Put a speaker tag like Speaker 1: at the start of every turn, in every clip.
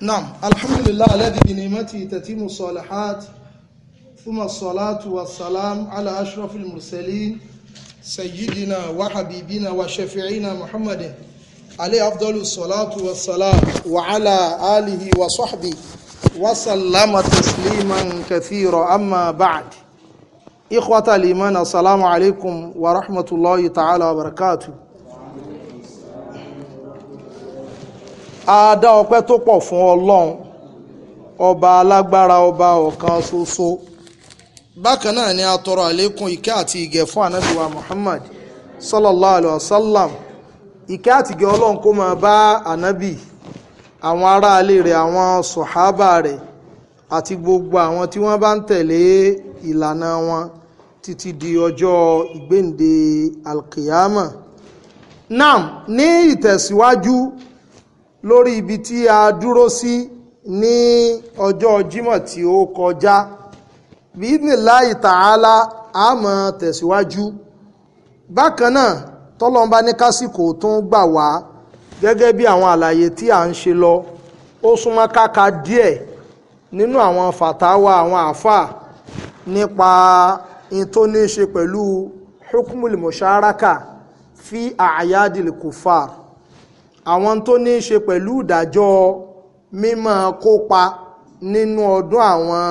Speaker 1: نعم الحمد لله الذي بنعمته تتم الصالحات ثم الصلاة والسلام على أشرف المرسلين سيدنا وحبيبنا وشفيعنا محمد عليه أفضل الصلاة والسلام وعلى آله وصحبه وسلم تسليما كثيرا أما بعد إخوة الإيمان السلام عليكم ورحمة الله تعالى وبركاته àádá ọpẹ́ tó pọ̀ fún ọlọ́run ọba alágbára ọba ọ̀kan ṣoṣo bákan náà ni a tọrọ àlékún ìkẹ́ àti ìgẹ̀ fún ànábì Muhammad sallallahu alayhi wa sallam ìkẹ́ àti ìgẹ̀ ọlọ́run kó máa bá ànábì àwọn aráalé rẹ̀ àwọn sọ̀hábà rẹ̀ àti gbogbo àwọn tí wọ́n bá ń tẹ̀lé ìlànà wọn títí di ọjọ́ ìgbéǹde alkiyama Nam ní ìtẹ̀síwájú lórí ibi tí a dúró sí ní ọjọ́ Jímọ̀ tí ó kọjá bíníláì tààlà a máa tẹ̀síwájú bákan náà tọ́lọ́mbá ní kásìkò tó ń gbà wá gẹ́gẹ́ bí àwọn àlàyé tí a ń ṣe lọ ó súnmọ́ káka díẹ̀ nínú àwọn fàtáwà àwọn àáfàá nípa in tó ní ṣe pẹ̀lú hukumul musharaka fi àyádìl kufar àwọn tó ní í ṣe pẹ̀lú ìdájọ́ mímọ́ kópa nínú ọdún àwọn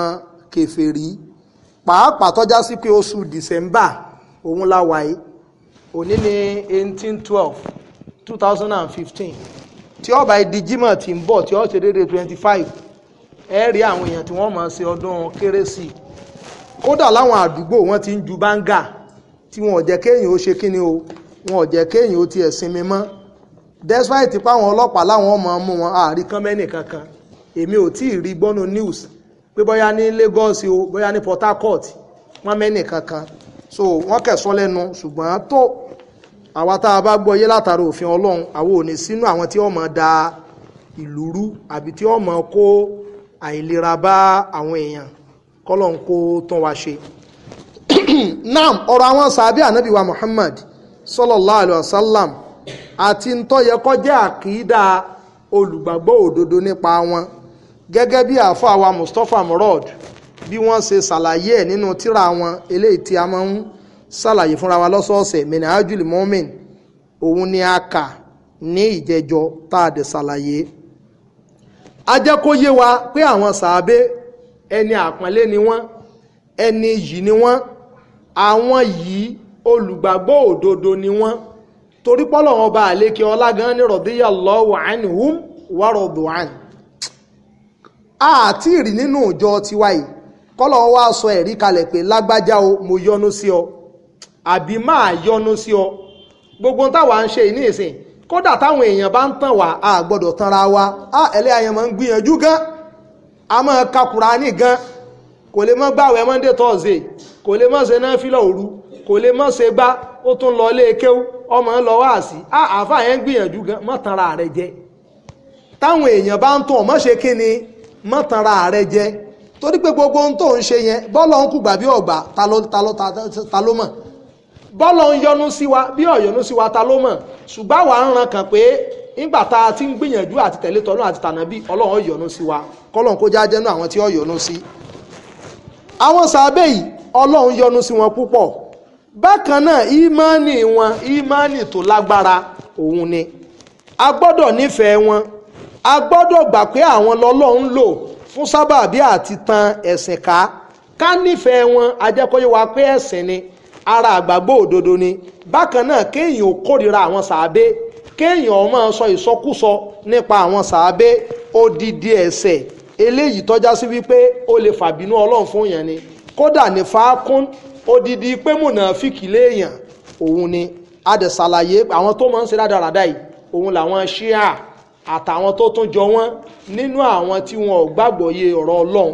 Speaker 1: kèfèrí pàápàá tọ́já sí pé oṣù dìsẹ́mbà òun la wáyé òní ní eighteen twelve two thousand and fifteen tí ọba ìdíjímọ̀ ti ń bọ̀ tí ó ṣe déédéé twenty five ẹ rí àwọn èèyàn tí wọ́n máa ṣe ọdún kérésì kódà láwọn àdúgbò wọ́n ti ń ju báńgà tí wọn ò jẹ́ kéèyàn ó ṣe kíni o wọn ò jẹ́ kéèyàn ó ti ẹ̀sìn mi mọ́ despite páwọn ọlọ́pàá láwọn ọmọ mú wọn àárí kánmẹ́nì kankan èmi ò tí ì rí gbọ́nu news pé bóyá ní Lagos o bóyá ní Port Harcourt wọ́n mẹ́nì kankan so wọ́n kẹ̀sọ́ lẹ́nu ṣùgbọ́n tó àwa tá a bá gbọ́ yé látara òfin Ọlọ́run àwọn ò ní sínú àwọn tí ọmọ da ìlú rú àbí tí ọmọ kó àìlera bá àwọn èèyàn kọ́lọ̀ ń kó tán wá ṣe. naam ọ̀rọ̀ àwọn sàbí ànábìwá Muhammad sallallahu alayhi wa sallam àti ntọ́yẹ kọjá àkìdá olùgbàgbọ́ òdodo nípa wọn gẹ́gẹ́ bí àáfàá wa Mustapha Murad bí wọ́n ṣe ṣàlàyé ẹ̀ nínú tírà wọn eléyìí tí a máa ń ṣàlàyé fúnra wa lọ́sọ̀ọ̀sẹ̀ minahajul mumin òun ni a kà ní ìjẹjọ tá a dẹ̀ ṣàlàyé a jẹ́ kó yé wa pé àwọn sàábé ẹni àpọ́nlé ni wọ́n ẹni yìí ni wọ́n àwọn yìí olùgbàgbọ́ òdodo ni wọ́n torí pọ́lọ̀ wọn bá àlékè ọlá gan ní rọ̀díyà lọ́wọ́ àánihùn wárọ̀dù àn àti ìrì nínú ìjọ tiwa yìí kọ́lọ̀ wá sọ ẹ̀rí kalẹ̀ pé lágbájá o mo yọ́nú sí ọ àbí máa yọ́nú sí ọ gbogbo táwa ń ṣe ní ìsìn kódà táwọn èèyàn bá ń tàn wá a gbọ́dọ̀ tanra wa a ẹlẹ́yàyàn máa ń gbìyànjú gan a máa ka Kùránì gan kò lè mọ́ gbàwẹ̀ Monday Thursday kò lè mọ́ ṣe náà fílọ̀ òru kò lè mọ́ ṣe gbá ó tún lọ ilé kéwú ọmọ ń lọ wáàsí àáfà yẹn ń gbìyànjú gan mọ́tara rẹ̀ jẹ táwọn èèyàn bá ń tún ọmọ ṣe kí ni mọ́tara are jẹ torí pé gbogbo ohun tó ń ṣe yẹn bọ́lọ̀ ń kú gbà bí ọ̀gbà ta ló mọ̀ bọ́lọ̀ wa bí ọ̀yọ́nu sí wa ta ló mọ̀ ṣùgbọ́n pé nígbà ti ń gbìyànjú àti tẹ̀lé tọ́nú àti ọlọ́run wa bákan náà ìmánì wọn ìmánì tó lágbára òun ni a gbọ́dọ̀ nífẹ̀ẹ́ wọn a gbọ́dọ̀ gbà pé àwọn lọ́lọ́run lò fún sábàbí àti tan ẹ̀sìn ká ká nífẹ̀ẹ́ wọn ajẹ́kọ́yé wa pé ẹ̀sìn ni ara àgbàgbọ́ òdodo ni bákan náà kéèyàn ò kórìíra àwọn sàábé kéèyàn ó máa sọ ìsọkúsọ nípa àwọn sàábé odidi ẹ̀sẹ̀ eléyìí tọ́já sí wípé ó lè fàbínú ọlọ́run fún yẹn ni kódà ní fàákún odidi pé mùnàfíkì léèyàn òun ni adẹ̀sàlàyé àwọn tó máa ń ṣe rádaràdà yìí òun làwọn ṣíà àtàwọn tó tún jọ wọ́n nínú àwọn tí wọn ò gbàgbọ́yé ọ̀rọ̀ ọlọ́run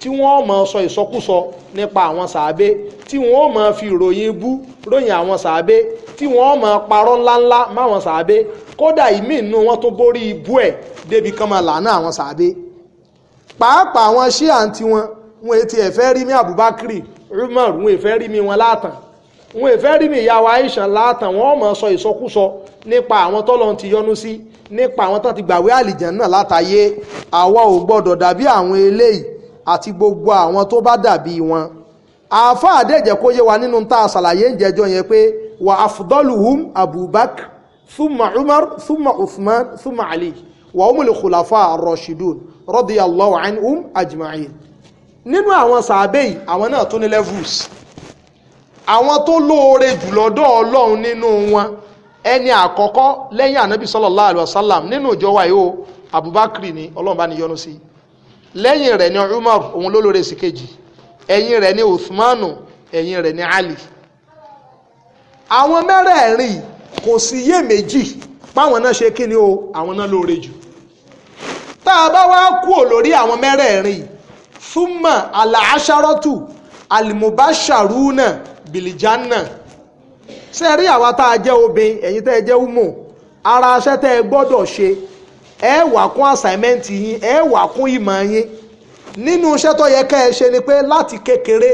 Speaker 1: tí wọ́n máa sọ ìsọkúsọ nípa àwọn sàábé tí wọ́n máa fi ìròyìn bú ròyìn àwọn sàábé tí wọ́n máa parọ́ ńláńlá máwọn sàábé kódà ìmí inú wọn tó borí ibú ẹ̀ débi kan máa làánà àwọn sàábé pàápàá àwọn ṣíà ń tiwọn wọn etí ẹ̀fẹ́ rí mi Abubakar Umar wọn èfẹ́ rí mi wọn látàn wọn èfẹ́ rí mi ìyàwó Aisha látàn wọn mọ̀ sọ ìsọkúsọ nípa àwọn tọ́lọ́n ti yọ́nú sí nípa àwọn tó ti gbàwé àlìjàn náà látàyé àwa ò gbọ́dọ̀ dàbí àwọn eléyìí àti gbogbo àwọn tó bá dàbí wọn àáfà àdéjẹ kó yé wa nínú tá a ṣàlàyé ìjẹjọ yẹn pé wà afdoluhum Abubakar thumma Umar thumma Uthman thumma Ali wà umul khulafa ar-rashidun radiyallahu anhum ajma'in nínú àwọn sàábé yìí àwọn náà tó ní levels àwọn tó lóore jù lọ́dọ̀ ọlọ́run nínú wọn ẹni àkọ́kọ́ lẹ́yìn ànábì sallallahu alaihi wasallam nínú ìjọ wa yìí o Abubakar ni ọlọ́run bá ní yọ́nú sí lẹ́yìn rẹ̀ ni Umar òun ló lóore sí kejì ẹ̀yìn rẹ̀ ni Uthmanu ẹ̀yìn rẹ̀ ni Ali àwọn mẹ́rẹ̀ẹ̀rin kò sí yé méjì páwọn náà ṣe kí ni o àwọn náà lóore jù tá a bá wá kúò lórí àwọn mẹ́rẹ̀ẹ̀rin yìí fúnmà àlàáṣárọ́tù àlìmùbáṣàrúnà bìlìjánà ṣe rí àwa tá a jẹ́ obìn ẹ̀yin tẹ́ ẹ jẹ́ umo ara aṣẹ́ tẹ́ ẹ gbọ́dọ̀ ṣe ẹ wà kún àsáímẹ́ǹtì yín ẹ wà kún ìmọ̀ yín nínú iṣẹ́ tó yẹ kẹ́ ẹ ṣe ni pé láti kékeré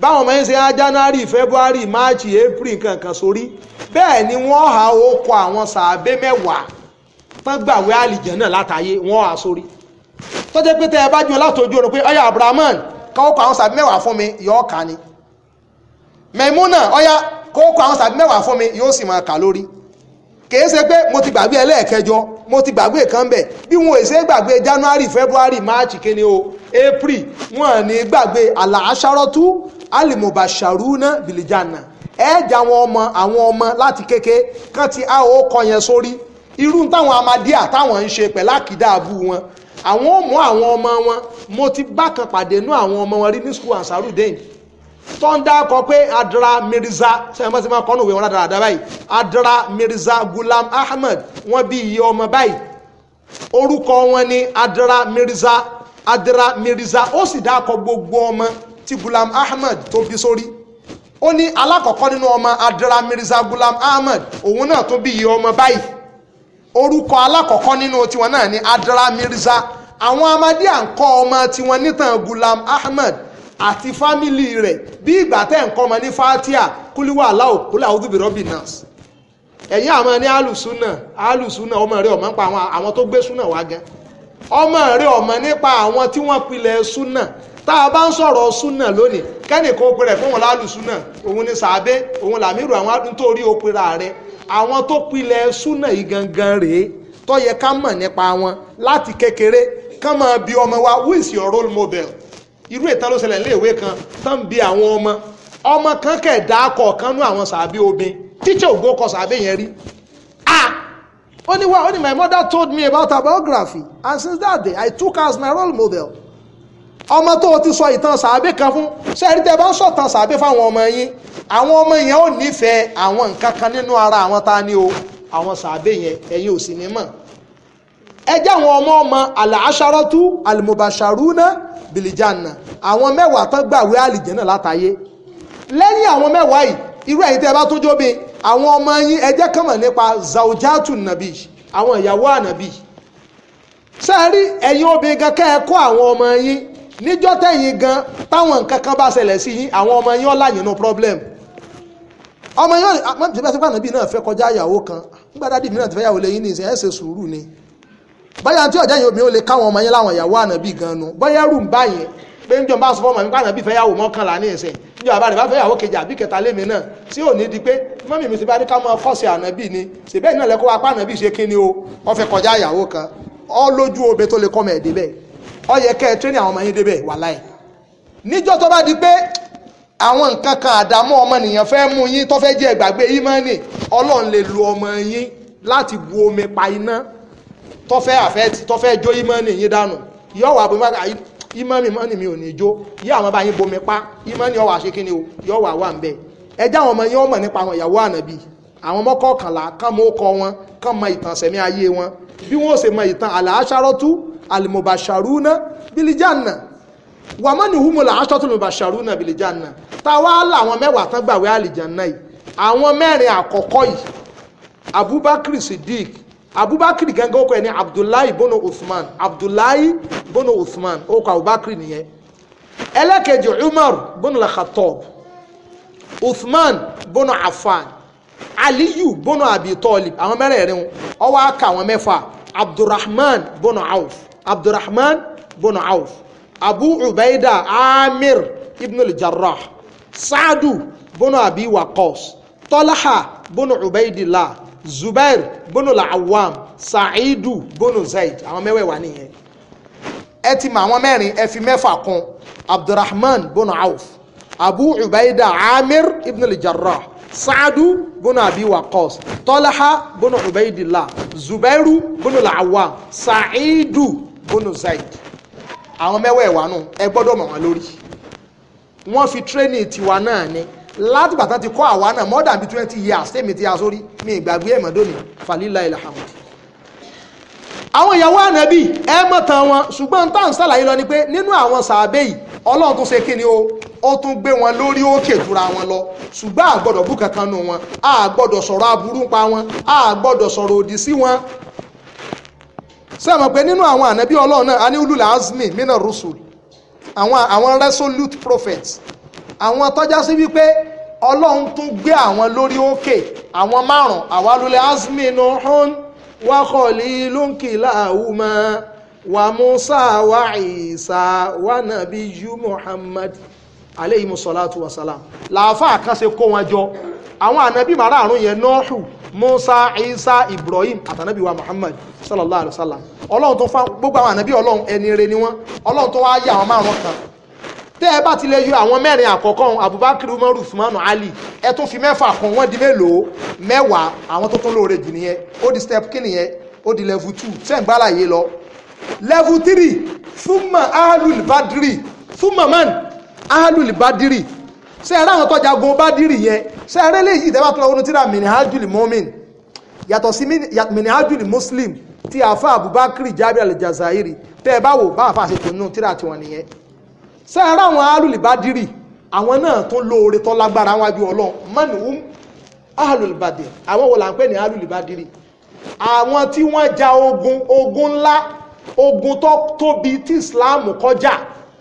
Speaker 1: báwọn ọmọ yín ṣe á january february march april kankan sórí bẹ́ẹ̀ ni wọ́n há ó kọ àwọn sàábé mẹ́wàá tán gbàwé àlìjẹ́ náà látàyé wọ́n há sórí tó jẹ́ pé tẹ́ ẹ bá jù látòjú ọ̀rọ̀ pé ọyá abrahaman kọ́kọ́ àwọn sàbí mẹ́wàá fún mi yóò kà ni mẹ́múnà ọyá kọ́kọ́ àwọn sàbí mẹ́wàá fún mi yóò sì máa kà lórí kìí ṣe pé mo ti gbàgbé ẹlẹ́ẹ̀kẹjọ mo ti gbàgbé kan bẹ̀ bí wọn ò ṣe gbàgbé january february march kéde o april wọn ní gbàgbé àlàáṣárọ́tú alimobasharuna bilijana ẹ̀ẹ́dà àwọn ọmọ àwọn ọmọ láti kéke kán ti a ó kọ yẹn sórí irú táwọn amadíà táwọn ń ṣe pẹ̀lú àkìdá àbú wọn àwọn ò mú àwọn ọmọ wọn mo ti bákan pàdé nú àwọn ọmọ wọn rí ní school ansarudeen tó ń dákọ pé adra mirza sẹ́yìnbá ti máa kọ́ nùwé wọn rádaràdá báyìí adra mirza gulam ahmed wọ́n bí iye ọmọ báyìí orúkọ wọn ni adra mirza adra mirza ó sì dákọ gbogbo ọmọ tí gulam ahmed tó bí sórí ó ní alákọ̀ọ́kọ́ nínú ọmọ adra mirza gulam ahmed òun náà tó bí iye ọmọ báyìí orúkọ alákọ̀ọ́kọ́ nínú tiwọn náà ni Adra Mirza àwọn amadé à ń ọmọ tiwọn nítàn Gulam Ahmed àti fámìlì rẹ̀ bí ìgbà tẹ́ ń ọmọ ní Fatia kúlíwà aláwọ̀ kúlà ọdúnbìrọ́bì náà ẹ̀yìn àmọ́ ní alùsùnà alùsùnà ọmọ rẹ̀ ọmọ nípa àwọn tó gbé súnà wá gan ọmọ rẹ̀ ọmọ nípa àwọn tí wọ́n pilẹ̀ súnà tá a bá ń sọ̀rọ̀ súnà lónìí kẹ́nìkan ó pe rẹ̀ fún wọn lálùsùnà òun ni sàbẹ́ òun làmírù àwọn nítorí ó pera rẹ̀ àwọn tó pilẹ̀ súnà yìí gangan rèé tó yẹ ká mọ̀ nípa wọn láti kékeré kán máa bi ọmọ wa who is your role model irú ìtàn ló ṣẹlẹ̀ léèwé kan tán bi àwọn ọmọ ọmọ kan kẹ̀dá kọ̀ọ̀kan nú àwọn sàbí obìn tíṣà ògbó kọ sàbí yẹn rí ah ó ní wá ó ní my mother told me about her biography and since that day I took her as my role model ọmọ tó o ti sọ ìtàn sàábé kan fún sẹ́ẹ̀rí tẹ́ bá ń sọ̀tàn sàábé fáwọn ọmọ yín àwọn ọmọ yẹn ò nífẹ̀ẹ́ àwọn nǹkan kan nínú ara àwọn ta ni o àwọn sàábé yẹn ẹ̀yin ò sì ní mọ̀ ẹ jẹ́ àwọn ọmọ ọmọ àlàáṣárọ́tú àlùmọ̀bàṣàrúnà bìlìjànà àwọn mẹ́wàá tán gbàwé àlìjẹ́nà látàyé lẹ́yìn àwọn mẹ́wàá yìí irú ẹ̀yin tẹ́ bá tó jóbe àwọn ọmọ yín ẹ jẹ́ kàn mọ̀ nípa zaujatu nàbì àwọn ìyàwó ànàbì sẹ́ẹ̀rí ẹ̀yin obìnrin kankan ẹ kọ́ àwọn ọmọ yín níjọ́ tẹ̀yìn gan táwọn nǹkan kan bá ṣẹlẹ̀ sí yín àwọn ọmọ yín ọ̀la yìí no problem ọmọ yín ọmọ tí bẹ́sẹ̀ fànàbí náà fẹ́ kọjá ìyàwó kan nígbà dádì mi náà ti fẹ́ yàwó lẹ́yìn nìyẹn ẹ ṣe sùúrù ni báyà tí ọ̀já yẹn obìnrin ó lè káwọn ọmọ yẹn láwọn ìyàwó ànàbí gan nu báyà rù ń báyẹn pé níjọba bá sọ fún ọmọ mi pàànàbí fẹ́ yàwó mọ́kànlá ní ìsìn níjọba bá rẹ̀ bá fẹ́ yàwó kejì àbí kẹta lémi náà tí ò ní di pé mọ́mì mi ti bá ní ká máa kọ́sẹ̀ ànàbí ni ṣèbẹ́ náà lẹ́kọ́ apá ànàbí ṣe kí ni o wọ́n kọjá ìyàwó kan ọ lójú obe tó lè kọ́ mọ̀ ẹ̀dẹ́ bẹ́ẹ̀ ó yẹ kẹ́ ẹ tírénì àwọn ọmọ yín débẹ̀ wàláì níjọ́ tó bá di pé àwọn nǹkan kan àdámọ́ ọmọnìyàn fẹ́ mú yín tó fẹ́ jẹ́ ìgbàgbé ìmọ̀ọ́nì ọlọ́run lè lo ọmọ yín láti bu omi pa iná tó fẹ́ àfẹ́ tó fẹ́ jó ìmọ̀ọ́nì yín dànù yọ wà bó má ìmọ̀ọ́nì mọ́ọ̀nì mi ò ní jó yí àwọn bá yín bomi pa ìmọ̀ọ́nì ọwà ṣe kíni o yọ wà wà ń bẹ ẹjẹ́ àwọn ọmọ yín ọmọ nípa àwọn ìyàwó ànàbì àwọn mọ́kọ̀ọ̀kànlá kán mọ́ kọ wọn kán mọ ìtàn sẹ̀mí ayé wọn bí wọ́n ó ṣe mọ ìtàn àlàáṣárọ́tú alimobasharuna bilijanna wàmọ́ni humula aṣọ́tún alimobasharuna bilijanna táwa làwọn mẹ́wàá tán gbàwé àlìjànà yìí àwọn mẹ́rin àkọ́kọ́ yìí abubakar siddiq abubakar gangan ó kọ ẹ ní abdullahi bono usman abdullahi bono usman ó kọ abubakar nìyẹn ẹlẹ́kẹ̀jì umar bono lakatob usman bono afan aliyu bono abi talib àwọn mẹ́rẹ̀ẹ̀rin ó wá ká àwọn mẹ́fà abdulrahman bono auf abdulrahman bono auf abu ubaida amir ibn al-jarrah saadu bono abi waqos tolaha bono ubaidillah zubair bono la'awam sa'idu bono zaid àwọn mẹ́wẹ̀ẹ̀wá nìyẹn ẹ ti mọ àwọn mẹ́rin ẹ fi mẹ́fà kún abdulrahman bono auf abu ubaida amir ibn al-jarrah saadu bono abi waqos tolaha bono ubaidillah zubairu bono la'awam sa'idu bónú zaid àwọn mẹ́wẹ̀ẹ̀wá nù ẹ gbọ́dọ̀ mọ̀ wọn lórí wọ́n fi tírénì tiwa náà ni látìgbà tán ti kọ́ àwa náà more than twenty years tèmi ti asórí mi ìgbàgbé ẹ̀mọ́ dòní falila ilhamud àwọn ìyàwó ànábì ẹ mọ̀ tán wọn ṣùgbọ́n tá à ń ṣàlàyé lọ ni pé nínú àwọn sàábé yìí ọlọ́run tún ṣe kí ni o ó tún gbé wọn lórí òkè jura wọn lọ ṣùgbọ́n àgbọ́dọ̀ bú kankan nù wọn àgbọ́dọ̀ sọ̀rọ̀ aburú pa wọn àgbọ́dọ̀ sọ̀rọ̀ òdì sí wọn sẹ́mi pé nínú àwọn ànábí ọlọ́run náà anilu lazmi mina rusul àwọn àwọn resolute prophets àwọn tọ́já sí wípé ọlọ́run tún gbé àwọn lórí òkè àwọn márùn àwálulẹ̀ azmi nuhun wakọ̀lì lónkìlá àwùmá wa musa wa isa wa nabi yu muhammad aleyhi musalatu wasalam làáfà kan kó wọn jọ àwọn ànábì márààrún yẹn nọ́ọ̀hù musa isa ibrahim àtànábì wa muhammad sallallahu alayhi wa sallam ọlọ́run tó fún gbogbo àwọn ànábì ọlọ́run ẹni re ni wọ́n ọlọ́run tó wáá yà àwọn márùn kan tẹ́ ẹ bá ti lè yọ àwọn mẹ́rin àkọ́kọ́ abubakar umaru usman ali ẹ tún fi mẹ́fà kan wọ́n di mélòó mẹ́wàá àwọn tó tún lóore jù nìyẹn ó di step kí nìyẹn ó di level two ṣé ń gbálàyé lọ level three fúnmọ̀ ahlul badiri fúnmọ̀ man ahlul badiri ṣé ẹ ráwọn tó jagun badiri yẹn ṣé eré léyìí tẹ́ bá tún lọ wọnú tíra minihajul mumin yàtọ̀ sí minihajul muslim ti àfa abubakar jabir aljazairi tẹ́ ẹ bá wò bá àfa àṣetò nínú tíra tiwọn nìyẹn ṣé eré àwọn alùlìbádìrì àwọn náà tún lóore tó lágbára wájú ọlọ́run mọ́nìhùn alùlìbádìrì àwọn wò là ní alùlìbádìrì àwọn tí wọ́n ja ogun ogun ńlá ogun tó tóbi tí islam kọjá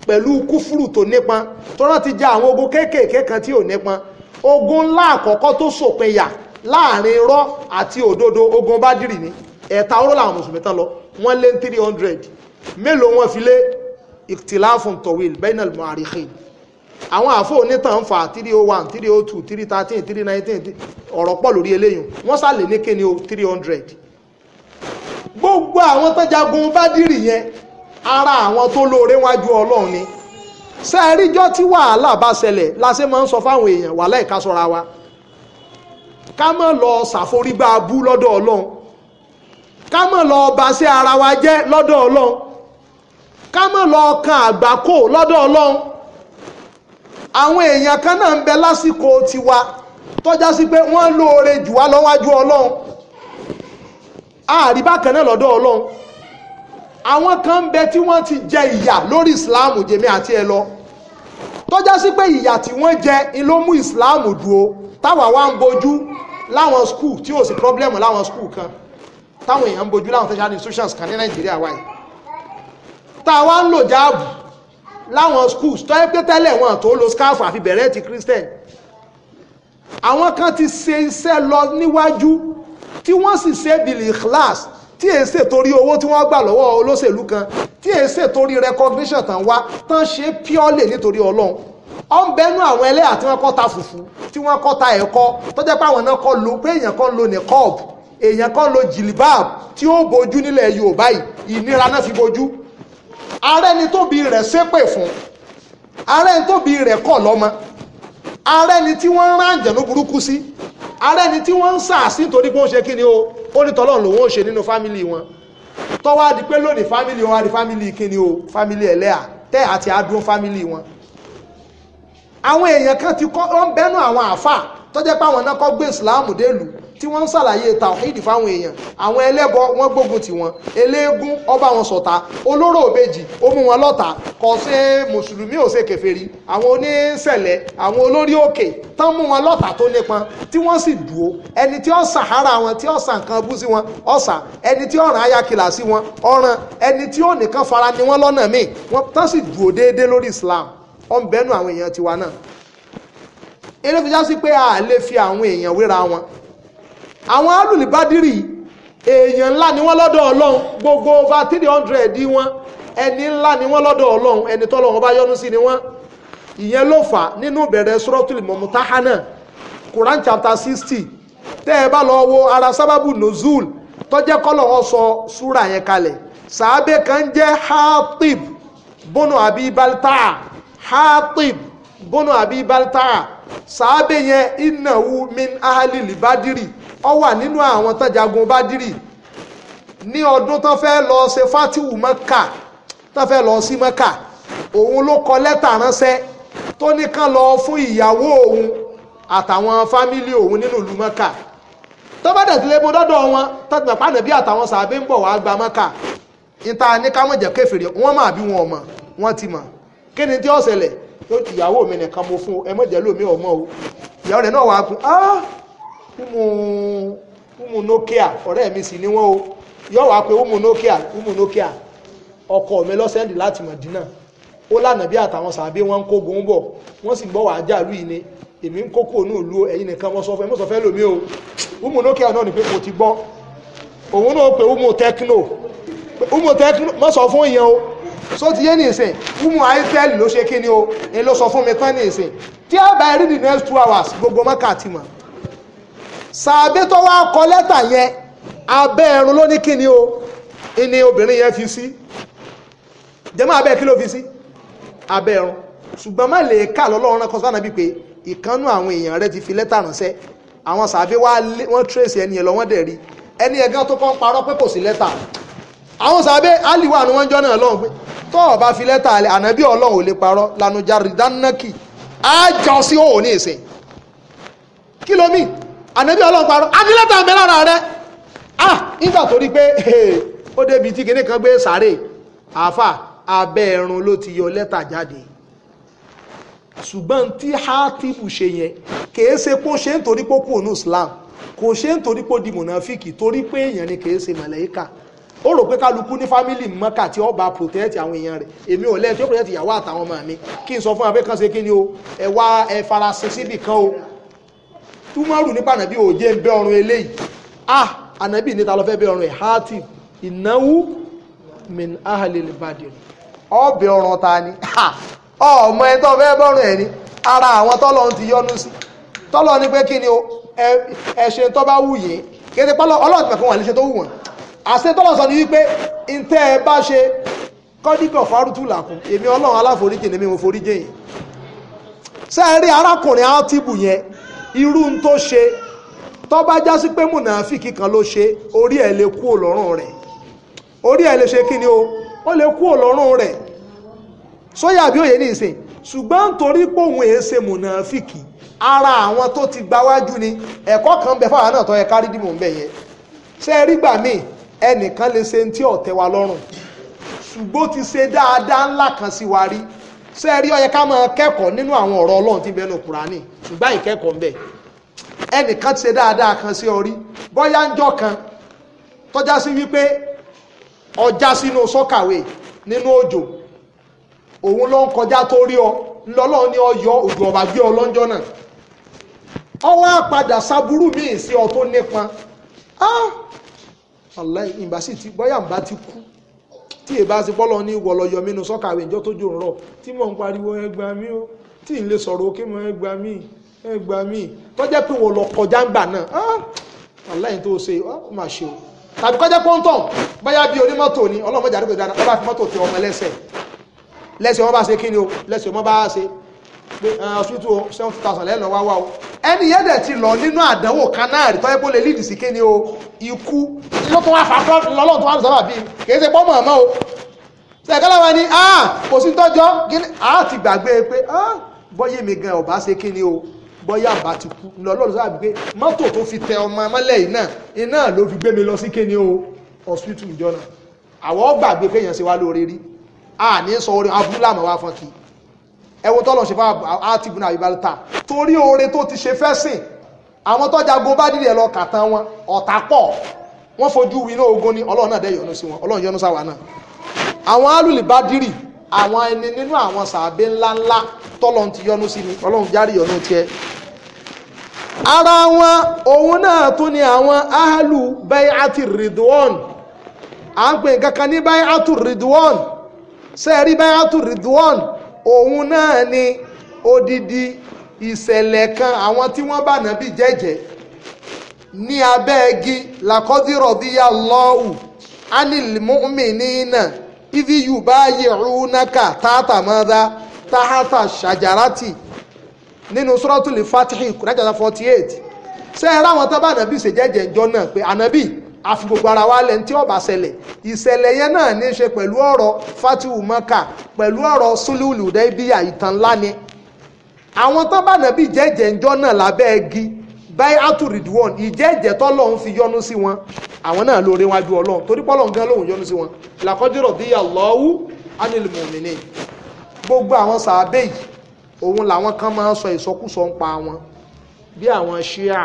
Speaker 1: pẹ̀lú kúfúrù tó nípọn tó ti ja àwọn ogun kéékèèké kan tí ò nípọn ogun ńlá àkọ́kọ́ tó sòpẹ̀yà láàrin irọ́ àti òdodo ogun bádìrì ni ẹ̀ta oró làwọn mùsùlùmí tán lọ wọ́n lé ní three hundred mélòó wọn fi lé ìtìláfùn tọ̀wìl bẹ́ẹ̀nà mọ̀àríkì àwọn àfọ onítàn fà three oh one three oh two three thirteen three nineteen ọ̀rọ̀ pọ̀ lórí eléyìí wọ́n sàlẹ̀ ní kéne o three hundred gbogbo àwọn tó jagun bádìrì yẹn ara àwọn tó lóore wájú ọlọ́run ni ṣe àríjọ́ tí wàhálà bá ṣẹlẹ̀ láṣẹ máa ń sọ fáwọn èèyàn wàhálà ìka sọ́ra wa ká má lọ ṣàforígbá abú lọ́dọ̀ ọlọ́run ká mọ̀ lọ baṣẹ́ ara wa jẹ́ lọ́dọ̀ ọlọ́run ká mọ̀ lọ kan àgbákò lọ́dọ̀ ọlọ́run àwọn èèyàn kan náà ń bẹ lásìkò tiwa tọ́já sí pé wọ́n lóore jù wá lọ́wájú ọlọ́run àríbá kan náà lọ́dọ̀ ọlọ́run àwọn kan ń bẹ tí wọ́n ti jẹ ìyà lórí ìsìláàmù jèmi àti ẹ lọ tọ́já sí pé ìyà tí wọ́n jẹ ló mú ìsìláàmù dúró táwa wá ń bojú láwọn skul tí ò sí pọ́blẹ́mù láwọn skul kan táwọn èèyàn ń bojú láwọn social institutions kan ní nàìjíríà wáyé táwa ń lò jáàbù láwọn schools tó yẹ pé tẹ́lẹ̀ wọn tó lo scarf àfi bẹ̀rẹ̀ ti christian àwọn kan ti se iṣẹ́ lọ níwájú tí wọ́n sì se bìlì class tí èé ṣe torí owó tí wọ́n gbà lọ́wọ́ olóṣèlú kan tí èé ṣe torí recognition tán wá tán ṣe purely nítorí ọlọ́run ọ ń bẹnu àwọn ẹlẹ́yà tí wọ́n kọ́ ta fùfú tí wọ́n kọ́ ta ẹ̀kọ́ tó jẹ́ pé àwọn náà kọ́ lo pé èèyàn kan lo ní cob èèyàn kan lo jìlìbáàb tí ó bojú nílẹ̀ yorùbá yìí ìnira náà fi bojú ààrẹ ni tóbi rẹ̀ ṣépè fún ààrẹ ni tóbi rẹ̀ kọ̀ lọ́mọ ààrẹ ni tí wọ́n ń rán àjẹ̀nú burúkú sí ààrẹ ni tí wọ́n ń sàásì torí pé ó ń ṣe kí ni o ó ní tọ́lọ́run lòun ó ṣe nínú fámìlì wọn tọ́wá di pé lónìí fámìlì wọn di fámìlì kíni o fámìlì ẹlẹ́à tẹ́ àti adúró fámìlì wọn àwọn èèyàn kan ti kọ́ ọ́n bẹ́nu àwọn àáfà tó jẹ́ pé àwọn náà kọ́ gbé ìsìláàmù délùú tí wọ́n ń ṣàlàyé tàwíìdì fáwọn èèyàn àwọn ẹlẹ́bọ wọ́n gbógun tì wọ́n eléégún ó bá wọn ṣọ̀tá olóró òbejì ó mú wọn lọ́tá kò ṣe mùsùlùmí ò ṣe kèfèrí àwọn oníṣẹ̀lẹ̀ àwọn olórí òkè tán mú wọn lọ́tá tó nípọn tí wọ́n sì dúró ẹni tí ó sàhárà wọn tí ó sàn kan bú sí wọn ọ̀sà ẹni tí ọ̀ràn ayakìlà sí wọn ọ̀ràn ẹni tí ó nìkan fara ni wọ́n lọ́nà míì wọ́n tán sì dúró déédéé lórí Islam ọ̀nbẹ́nu àwọn èèyàn tiwa náà eré fi já sí a lè fi àwọn èèyàn wéra àwọn alùlùbádìrì èèyàn ńlá ni wọ́n lọ́dọ̀ ọlọ́run gbogbo over three hundred wọn ẹni ńlá ni wọ́n lọ́dọ̀ ọlọ́run ẹni bá sí ni wọ́n ìyẹn ló fà nínú bẹ̀rẹ̀ Quran chapter sixty tẹ́ ẹ bá lọ wo ọ wà nínú àwọn tán jagun Bádírì ní ọdún tán fẹ́ lọ ṣe fatiwu mọ́kà tán fẹ́ lọ sí mọ́kà òun ló kọ lẹ́tà ránṣẹ́ tó ní kán lọ fún ìyàwó òun àtàwọn fámílì òun nínú ìlú mọ́kà tó bá dẹ̀ tilé bodọ́dọ̀ wọn tọ́tùmọ̀ pàdé bí àtàwọn sàbẹ̀ ń bọ̀ wá gba mọ́kà níta ní ká mọ̀jẹ̀ kéfèrè wọ́n máa bí wọn ọmọ wọn ti mọ̀ kí ni tí ó ṣẹlẹ̀ ìyàwó mi nìkan mo fún ẹ mọ̀jẹ̀ lómi ọmọ o ìyàwó rẹ̀ náà wàá kún áá umu nokia ọ̀rẹ́ mi sì ni wọ́n o yọ wá pé umu nokia umu nokia ọkọ mi lọ́sẹ̀ndì láti Mọ̀dínà ó lànà bí àtàwọn sàbí wọn ń kógun bọ̀ wọ́n sì gbọ́ wàá jà lù yìí ni èmi ń kókó ònú ìlú ẹ̀yin nìkan wọ́n sọ fún ẹ mọ́ sọ fẹ́ lómi o umu nokia náà ni pé kò ti gbọ́ òun náà pé umu techno umu techno mọ́ sọ fún ìyẹn o so ti yé ní ìsìn umu aitel ló ṣe kí ni o èyí ló sọ fún mi tán ní ìsìn tí a bá rí the next two hours gbogbo mọ́kà ti mọ̀ sàbẹ́ tó wá kọ lẹ́tà yẹn abẹ́ ẹ̀rùn ló ní kíni o ìní obìnrin yẹn fi sí jẹ́mọ́ abẹ́ kí ló fi sí abẹ́ ẹ̀rùn ṣùgbọ́n má lè kà lọ́lọ́run rán kọ́sánà bíi pé ìkánú àwọn èèyàn rẹ ti fi lẹ́tà ránṣẹ́ àwọn sàbẹ́ wá wọ́n tírèsì ẹni yẹn lọ wọ́n dẹ̀ rí ẹni ẹ̀gán tó kọ́ ń parọ́ pé kò sí lẹ́tà àwọn sàbẹ́ aliwa ni wọ́n jọ́ náà lọ́hùn pé tó o bá fi lẹ́tà alẹ́ ànábì ọlọ́run ò lè parọ́ lanujaridannaki á jọ sí òun ní ìsìn kí ló mìí ànábì ọlọ́run parọ́ ànílẹ́ta ń bẹ lára rẹ ah nígbà tó rí pé eh, ó débi tí kinní kan gbé sáré àáfà abẹ́ ẹ̀rùn ló ti yọ lẹ́tà jáde ṣùgbọ́n tí hátìbù ṣe yẹn kìí ṣe kó ṣe nítorí pé kú ònú Islam kò ṣe nítorí pé di torí pé èèyàn ni kìí ṣe màláíkà ó rò pé kálukú ní fámìlì mọ́kà tí ọba protect àwọn èèyàn rẹ̀ èmi ò lẹ́yìn tí ó protect ìyàwó àtàwọn ọmọ mi kí n sọ fún wa pé kàn ṣe kí ni o ẹ wá ẹ farasin síbì kan o túmọ̀rù nípa ànàbí òjé ń bẹ ọrùn eléyìí ah ànàbí níta lọ fẹ́ bẹ ọrùn ìnáwó min ahalil ọbẹ̀ ọrùn ta ni ọmọ ọ tó fẹ́ bọ́rùn ẹ̀ ni ara àwọn tọ́lọ́ ti yọnu sí ni pé kí ni o ẹ̀ṣẹ̀ bá wù yín pálọ̀ tó wù wọ́n àṣẹ tọ́lọ̀ sọ ni wípé ntẹ́ ẹ bá ṣe fárútù èmi ọlọ́run aláforíjì ni mi mo irú ń tó ṣe tó bá já sí pé mùnàfíkì kan ló ṣe orí ẹ̀ lè kú òlọ́rùn rẹ̀ orí ẹ̀ lè ṣe kí ni o ó lè kú òlọ́rùn rẹ̀ sóyà bí òye ní ìsìn ṣùgbọ́n torí pé òun èé ṣe mùnàfíkì ara àwọn tó ti gbáwájú ni ẹ̀kọ́ kan bẹ fáwọn náà tó yẹ kárí dìbò ń bẹ yẹn ṣé ẹ rí gbà míì ẹnìkan lè ṣe ti ọ̀tẹ̀ wa lọ́rùn ṣùgbọ́n ti ṣe dáadáa ńlá kan sí wa rí ṣé ẹ rí ọyẹ ká máa kẹ́kọ̀ọ́ nínú àwọn ọ̀rọ̀ ọlọ́run tí bẹ́ẹ̀ lọ kúránì ṣùgbọ́n ìkẹ́kọ̀ọ́ ń bẹ ẹnìkan ti ṣe dáadáa kan sí ọrí bóyá ń jọ kan tọ́já sí wípé ọjà sínú sọ́kàwé nínú òjò òun ló ń kọjá tó rí ọ lọ́lọ́run ni ọyọ òjò ọba gbé ọ lọ́njọ́ náà ọwọ́ àpadà sábúrú míì sí ọ tó nípọn ah ọ̀lẹ́ ìgbà sì ti bóyá ń ti kú tí èbá sí pọ́lọ́ ní wọ̀lọ́yọ̀ mínú sọ́kàwé ìjọ tó jò ń rọ̀ tí mò ń pariwo ẹ mí o tí ń lè sọ̀rọ̀ òkè mọ́ ẹ gbà mí ẹ gbà mí tó jẹ́ pé wọ́n lọ kọjá ń gbà náà aláìní tó ṣe ó mà ṣe o tàbí kọjá pọ́ńtọ̀n báyà bí onímọ́tò ni ọlọ́mọdé àdúgbò dáná ó fi mọ́tò tẹ ọmọ lẹ́sẹ̀ lẹ́sẹ̀ wọn bá ṣe kí ni o lẹ́sẹ̀ wọn bá ṣe pé eh, hospital seventy thousand lẹ́nu wá wá o ẹni yẹn dẹ̀ ti lọ nínú àdánwò kan náà rí tọ́yẹ́ kó lè lead sí kéde o ikú ló tún wá fà á lọ́lọ́ tó wá lọ́sọ̀rọ̀ àbí kì í ṣe pọ́nmọ̀ ọmọ o sẹ̀kẹ́lá wa ni ah, kò sí tọ́jọ́ a ti gbàgbé pé ah, bọ́yé mi gan ọ̀bá ṣe kéde o bọ́yá àbá ti kú lọ́lọ́run sábà pé mọ́tò tó fi tẹ ọmọ mọ́lẹ̀ iná iná ló fi gbé mi lọ sí kéde o hospital ìjọ náà àwọn gbàgbé kéèyàn ṣe wá lóore rí ah ní sọ orin abúlé àmọ́ wá fọ́n kì ẹwọ tọ́lọ̀ ṣe fáwọn àtìbù náà ìbálẹ̀ ta torí oore tó ti ṣe fẹ́sìn àwọn tọ́jagun bá dìde lọ kàtàn wọn ọ̀tá pọ̀ wọ́n fojú winá ogun ni ọlọ́run náà dẹ̀ yọ́nú sí wọn ọlọ́run yọ́nú sáwà náà àwọn alùlì bá dìrì àwọn ẹni nínú àwọn sàbẹ̀ ńláńlá tọ́lọ́run ti yọ́nú sí ni ọlọ́run járí yọ́nú tiẹ̀ ara wọn òun náà tún ni àwọn ahàlù bẹ́ẹ̀ àti rìdùọ́nù à ń pè nǹkan kan ní bẹ́ẹ̀ àtù rìdùọ́nù sẹ́ẹ̀rí bẹ́ẹ̀ àtù rìdùọ́nù òun náà ni odidi ìṣẹ̀lẹ̀ kan àwọn tí wọ́n bá nàbí jẹ́jẹ́ ní abẹ́ igi làkọ́dírọ̀díyà lọ́wù anilmu'minina idhi yubayi'unaka tààtà mọ́dá tààtà ṣàjàràtì nínú suratul fatihi kùnájàdá 48 ṣé ẹ ráwọn tó bá nàbí ṣèjẹ́jẹ́ ìjọ náà pé ànàbí àfi gbogbo ara wa lẹ́ni tí ó bá ṣẹlẹ̀ ìṣẹ̀lẹ̀ yẹn náà ní í ṣe pẹ̀lú ọ̀rọ̀ fatihu maka pẹ̀lú ọ̀rọ̀ sululu dẹ́bíyà ìtàn ńlá ni àwọn tán bá nàbí jẹ́jẹ́ ńjọ́ náà lábẹ́ igi báyìí aturidwon ìjẹ́jẹ́ tọ́lọ̀ ń fi yọ́nú sí wọn àwọn náà lóore wájú ọlọ́run torí pọ́lọ̀ nǹkan lòun yọ́nú sí wọn làkọ́jọ́rọ̀ bí yàlọ́wù anil mọ̀mìnì gbogbo àwọn sàábẹ́ yìí òun làwọn kan máa ń sọ ìsọkúsọ ń pa wọn bí àwọn ṣíà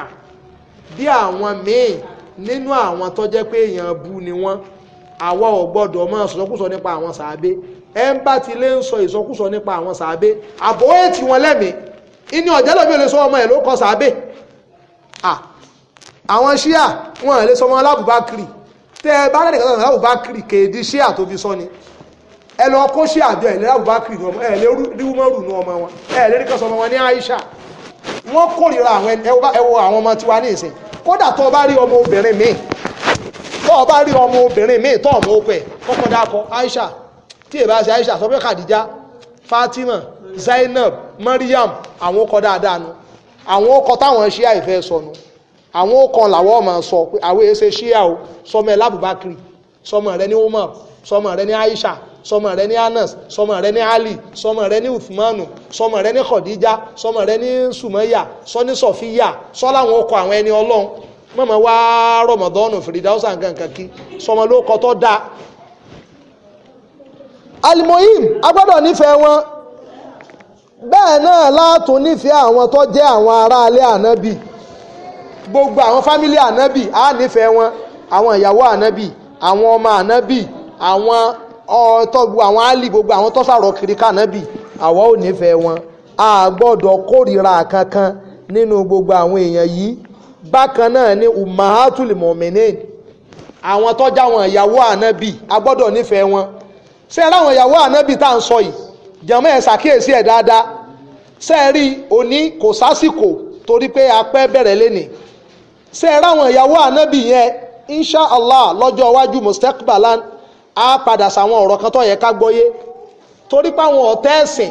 Speaker 1: bí àwọn míì nínú àwọn tó jẹ́ pé èèyàn bú ni wọ́n àwa ò gbọ́dọ̀ máa sọ̀sọ́kùsọ nípa àwọn sàábé ẹ ń bá ti lé ń sọ ìsọkúsọ nípa àwọn sàábé àbọ̀wé tí wọ́n lẹ́mìí inú ọ̀jẹ́ lọ́bí ò lè sọ ọmọ ẹ̀ ló kọ sàábé àwọn ṣíà wọn lè sọ ọmọ alábùbákiri tẹ ẹ bá lẹ́nìkan sọ̀rọ̀ alábùbákiri kéèdì ṣíà tó fi sọ ni ẹ lọ kó ṣíà bí ẹ lè alábùbákiri ẹ lè rí wúmọ́rù ọmọ wọn ẹ lè rí kọ́sọ ọmọ wọn ní Aisha wọ́n kórìíra àwọn ẹwọ àwọn ọmọ tiwa ní ìsìn kódà tó o bá rí ọmọ obìnrin míì tó o bá rí ọmọ obìnrin míì tó ọmọ okọ ẹ kọkọ dákọ Aisha tí èbá ṣe Aisha sọ pé Khadija Fatima Zainab Mariam àwọn ọkọ dáadáa nu àwọn ọkọ táwọn ṣíà ìfẹ́ sọnu àwọn ọkọ làwọn ọmọ sọ pé àwọn èsè ṣíà o sọmọ ẹ lábùbákiri sọmọ rẹ ní Umar sọmọ rẹ ní Aisha sọmọ rẹ ní anas sọmọ rẹ ní ali sọmọ rẹ ní uthmanu sọmọ rẹ ní khadija sọmọ rẹ ní sumaya sọní sọfíya sọláwọn ọkọ àwọn ẹni ọlọ́run mọ̀mọ́ wá rọmọdọ́nù fìdíhàwùsà nǹkan kí sọmọ ló kọ́ tọ́ da. alimoyim agbọ́dọ̀ nífẹ̀ẹ́ wọn bẹ́ẹ̀ náà látún nífẹ̀ẹ́ àwọn tó jẹ́ àwọn aráalé ànábì gbogbo àwọn fámílì ànábì á nífẹ̀ẹ́ wọn àwọn ìyàwó ànábì àwọn ọmọ ànábì àwọn ọ̀tọ̀ gbogbo àwọn áàlì gbogbo àwọn tó sàrọ̀ kiri kànábì àwa ò nífẹ̀ẹ́ wọn a gbọ́dọ̀ kórìíra kankan nínú gbogbo àwọn èèyàn yìí bákan náà ni umahatul mọ̀mìnín àwọn tó já wọn ìyàwó ànábì a gbọ́dọ̀ nífẹ̀ẹ́ wọn ṣé ẹ láwọn ìyàwó ànábì tá à ń sọ yìí jẹ̀mọ́ ẹ̀ ṣàkíyèsí ẹ̀ dáadáa ṣé ẹ rí òní kò sásìkò torí pé apẹ́ bẹ̀rẹ̀ lẹ́nìí ṣé ẹ ráwọn ìyàwó ànábì yẹn insha allah lọ́jọ́ iwájú mustaqbalan á padà sàwọn ọ̀rọ̀ kan tó yẹ ká gbọ́yé torí páwọn ọ̀tẹ́ ẹ̀sìn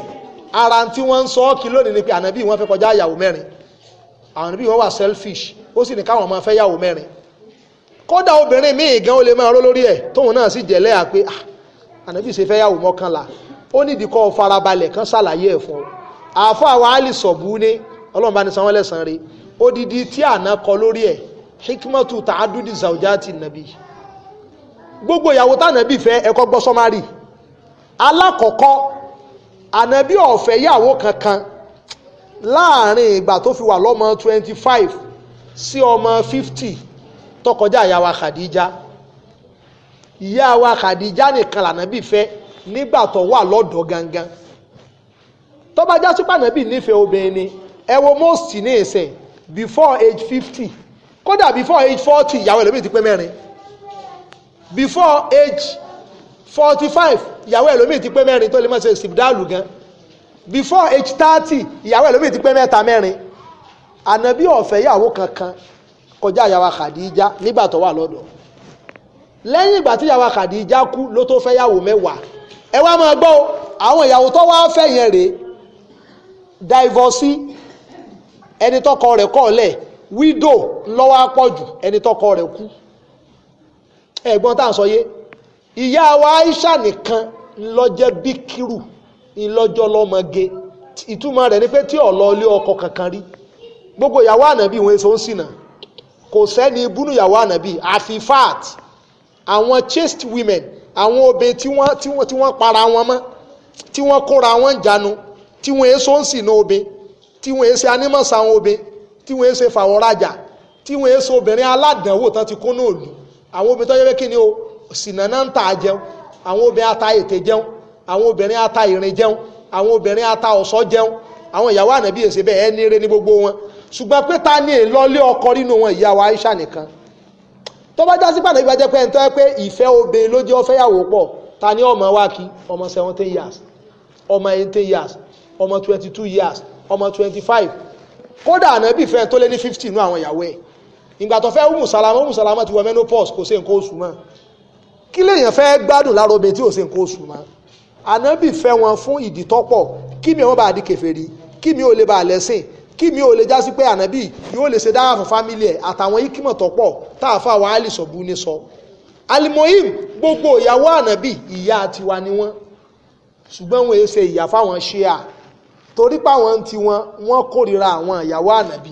Speaker 1: ara tí wọ́n ń sọ ọ́ kí lónìí ni pé ànábì wọn fẹ́ kọjá ìyàwó mẹ́rin ànábì wọn wà selfish ó sì ní káwọn máa fẹ́ yàwó mẹ́rin kódà obìnrin míì gan ó lè máa ró lórí ẹ̀ tóun náà sì jẹ̀lẹ́ à pé ah, ànábì ṣe fẹ́ yàwó mọ́kànlá ó nídìí kọ́ farabalẹ̀ kan ṣàlàyé ẹ̀ fún ọ àáfàá sọ̀bù ní ọlọ́run bá ní hikmatu ta'adudi zawjati nabi gbogbo ìyàwó tànàbí fẹ́ ẹ̀kọ́ gbọ́ sọ́márì alákọ̀ọ́kọ́ ànàbí ọ̀fẹ́ yàwó kankan láàrin ìgbà tó fi wà lọ́mọ twenty five sí ọmọ fifty tó kọjá ìyàwó Khadija ìyá wa Khadija nìkan lànàbí fẹ́ nígbà tó wà lọ́dọ̀ gangan tó bá já sí pànàbí nífẹ̀ẹ́ obìnrin ni ẹ wo most ní ìsẹ̀ before age fifty kódà before age forty ìyàwó ẹlòmíì ti pé mẹ́rin before age forty five ìyàwó ẹlòmíì ti pé mẹ́rin tó lè mọ̀ ṣe sibdalu gan before age thirty ìyàwó ẹlòmíì ti pé mẹ́ta mẹ́rin ànábì ọ̀fẹ́ ìyàwó kankan kọjá ìyàwó Khadija nígbà tó wà lọ́dọ̀ lẹ́yìn ìgbà tí ìyàwó Khadija kú ló tó fẹ́ yàwó mẹ́wàá ẹ wá máa gbọ́ àwọn ìyàwó tó wá fẹ́ yẹn rèé Divorce. ẹni tọkọ rẹ̀ kọ́ ọ̀lẹ̀ widow lọ́wọ́ apọ̀jù ẹni tọkọ rẹ̀ kú ẹ̀gbọ́n tá à ń sọ yé ìyá wa Aisha nìkan ńlọ́jẹ́ bíkírù ńlọ́jọ́ lọ́mọge ìtumọ̀ rẹ̀ ni pé tí ọ̀lọ́ ilé ọkọ kankan rí gbogbo ìyàwó ànábì wọn èso ń sìnà kò sẹ́ni ibùnú ìyàwó ànábì àfi fat àwọn chaste women àwọn obè tí wọ́n tí wọ́n tí wọ́n para wọn mọ́ tí wọ́n kóra wọn jánu tí wọ́n èso ń sìnà obè tí wọ́n èso anímọ̀sán obè tí wọ́n èso fàwọ́rajà tí wọ́n èso obìnrin aládàáwò tán ti kó náà lù àwọn obìnrin tó yẹ kí ni o sìnànà ń tà á jẹun àwọn obìnrin ata ètè jẹun àwọn obìnrin ata ìrìn jẹun àwọn obìnrin ata ọ̀sọ́ jẹun àwọn ìyàwó ànábì èsè bẹ́ẹ̀ ẹni rẹ ní gbogbo wọn ṣùgbọ́n pé ta ni èlọ́lé ọkọ nínú wọn ìyàwó Aisha nìkan tó bá já sí pàdé bí wọ́n jẹ́ pé ẹni tó yẹ pé ìfẹ́ obìnrin ló jẹ́ ó fẹ́ pọ̀ ta ni ọmọ wa kí ọmọ seventeen years ọmọ eighteen years ọmọ twenty two years ọmọ twenty five kódà ànábì fẹ́ tó lé ní fifty nínú àwọn ìyàwó ẹ̀ ìgbà tó fẹ́ umu salama umu salama ti wọ menopause kò ṣe nǹkan oṣù mọ́ kí lèèyàn fẹ́ gbádùn lára obìnrin tí ò ṣe nǹkan oṣù mọ́ ànábì fẹ́ wọn fún ìdí tọ́pọ̀ kí mi ò bá di kèfèrí kí mi ò lè bá lẹ́sìn kí mi ò lè jásí pé ànábì yóò lè ṣe dára fún fámìlì ẹ̀ àtàwọn ikímọ̀ tọ́pọ̀ tá a fà wá àlì sọ̀bù ní sọ alimoyim gbogbo ìyàwó ànábì ìyá tiwa ni wọ́n ṣùgbọ́n wọn ṣe ìyá fáwọn ṣíà torí pàwọn ti wọn wọn kórìíra àwọn ìyàwó ànábì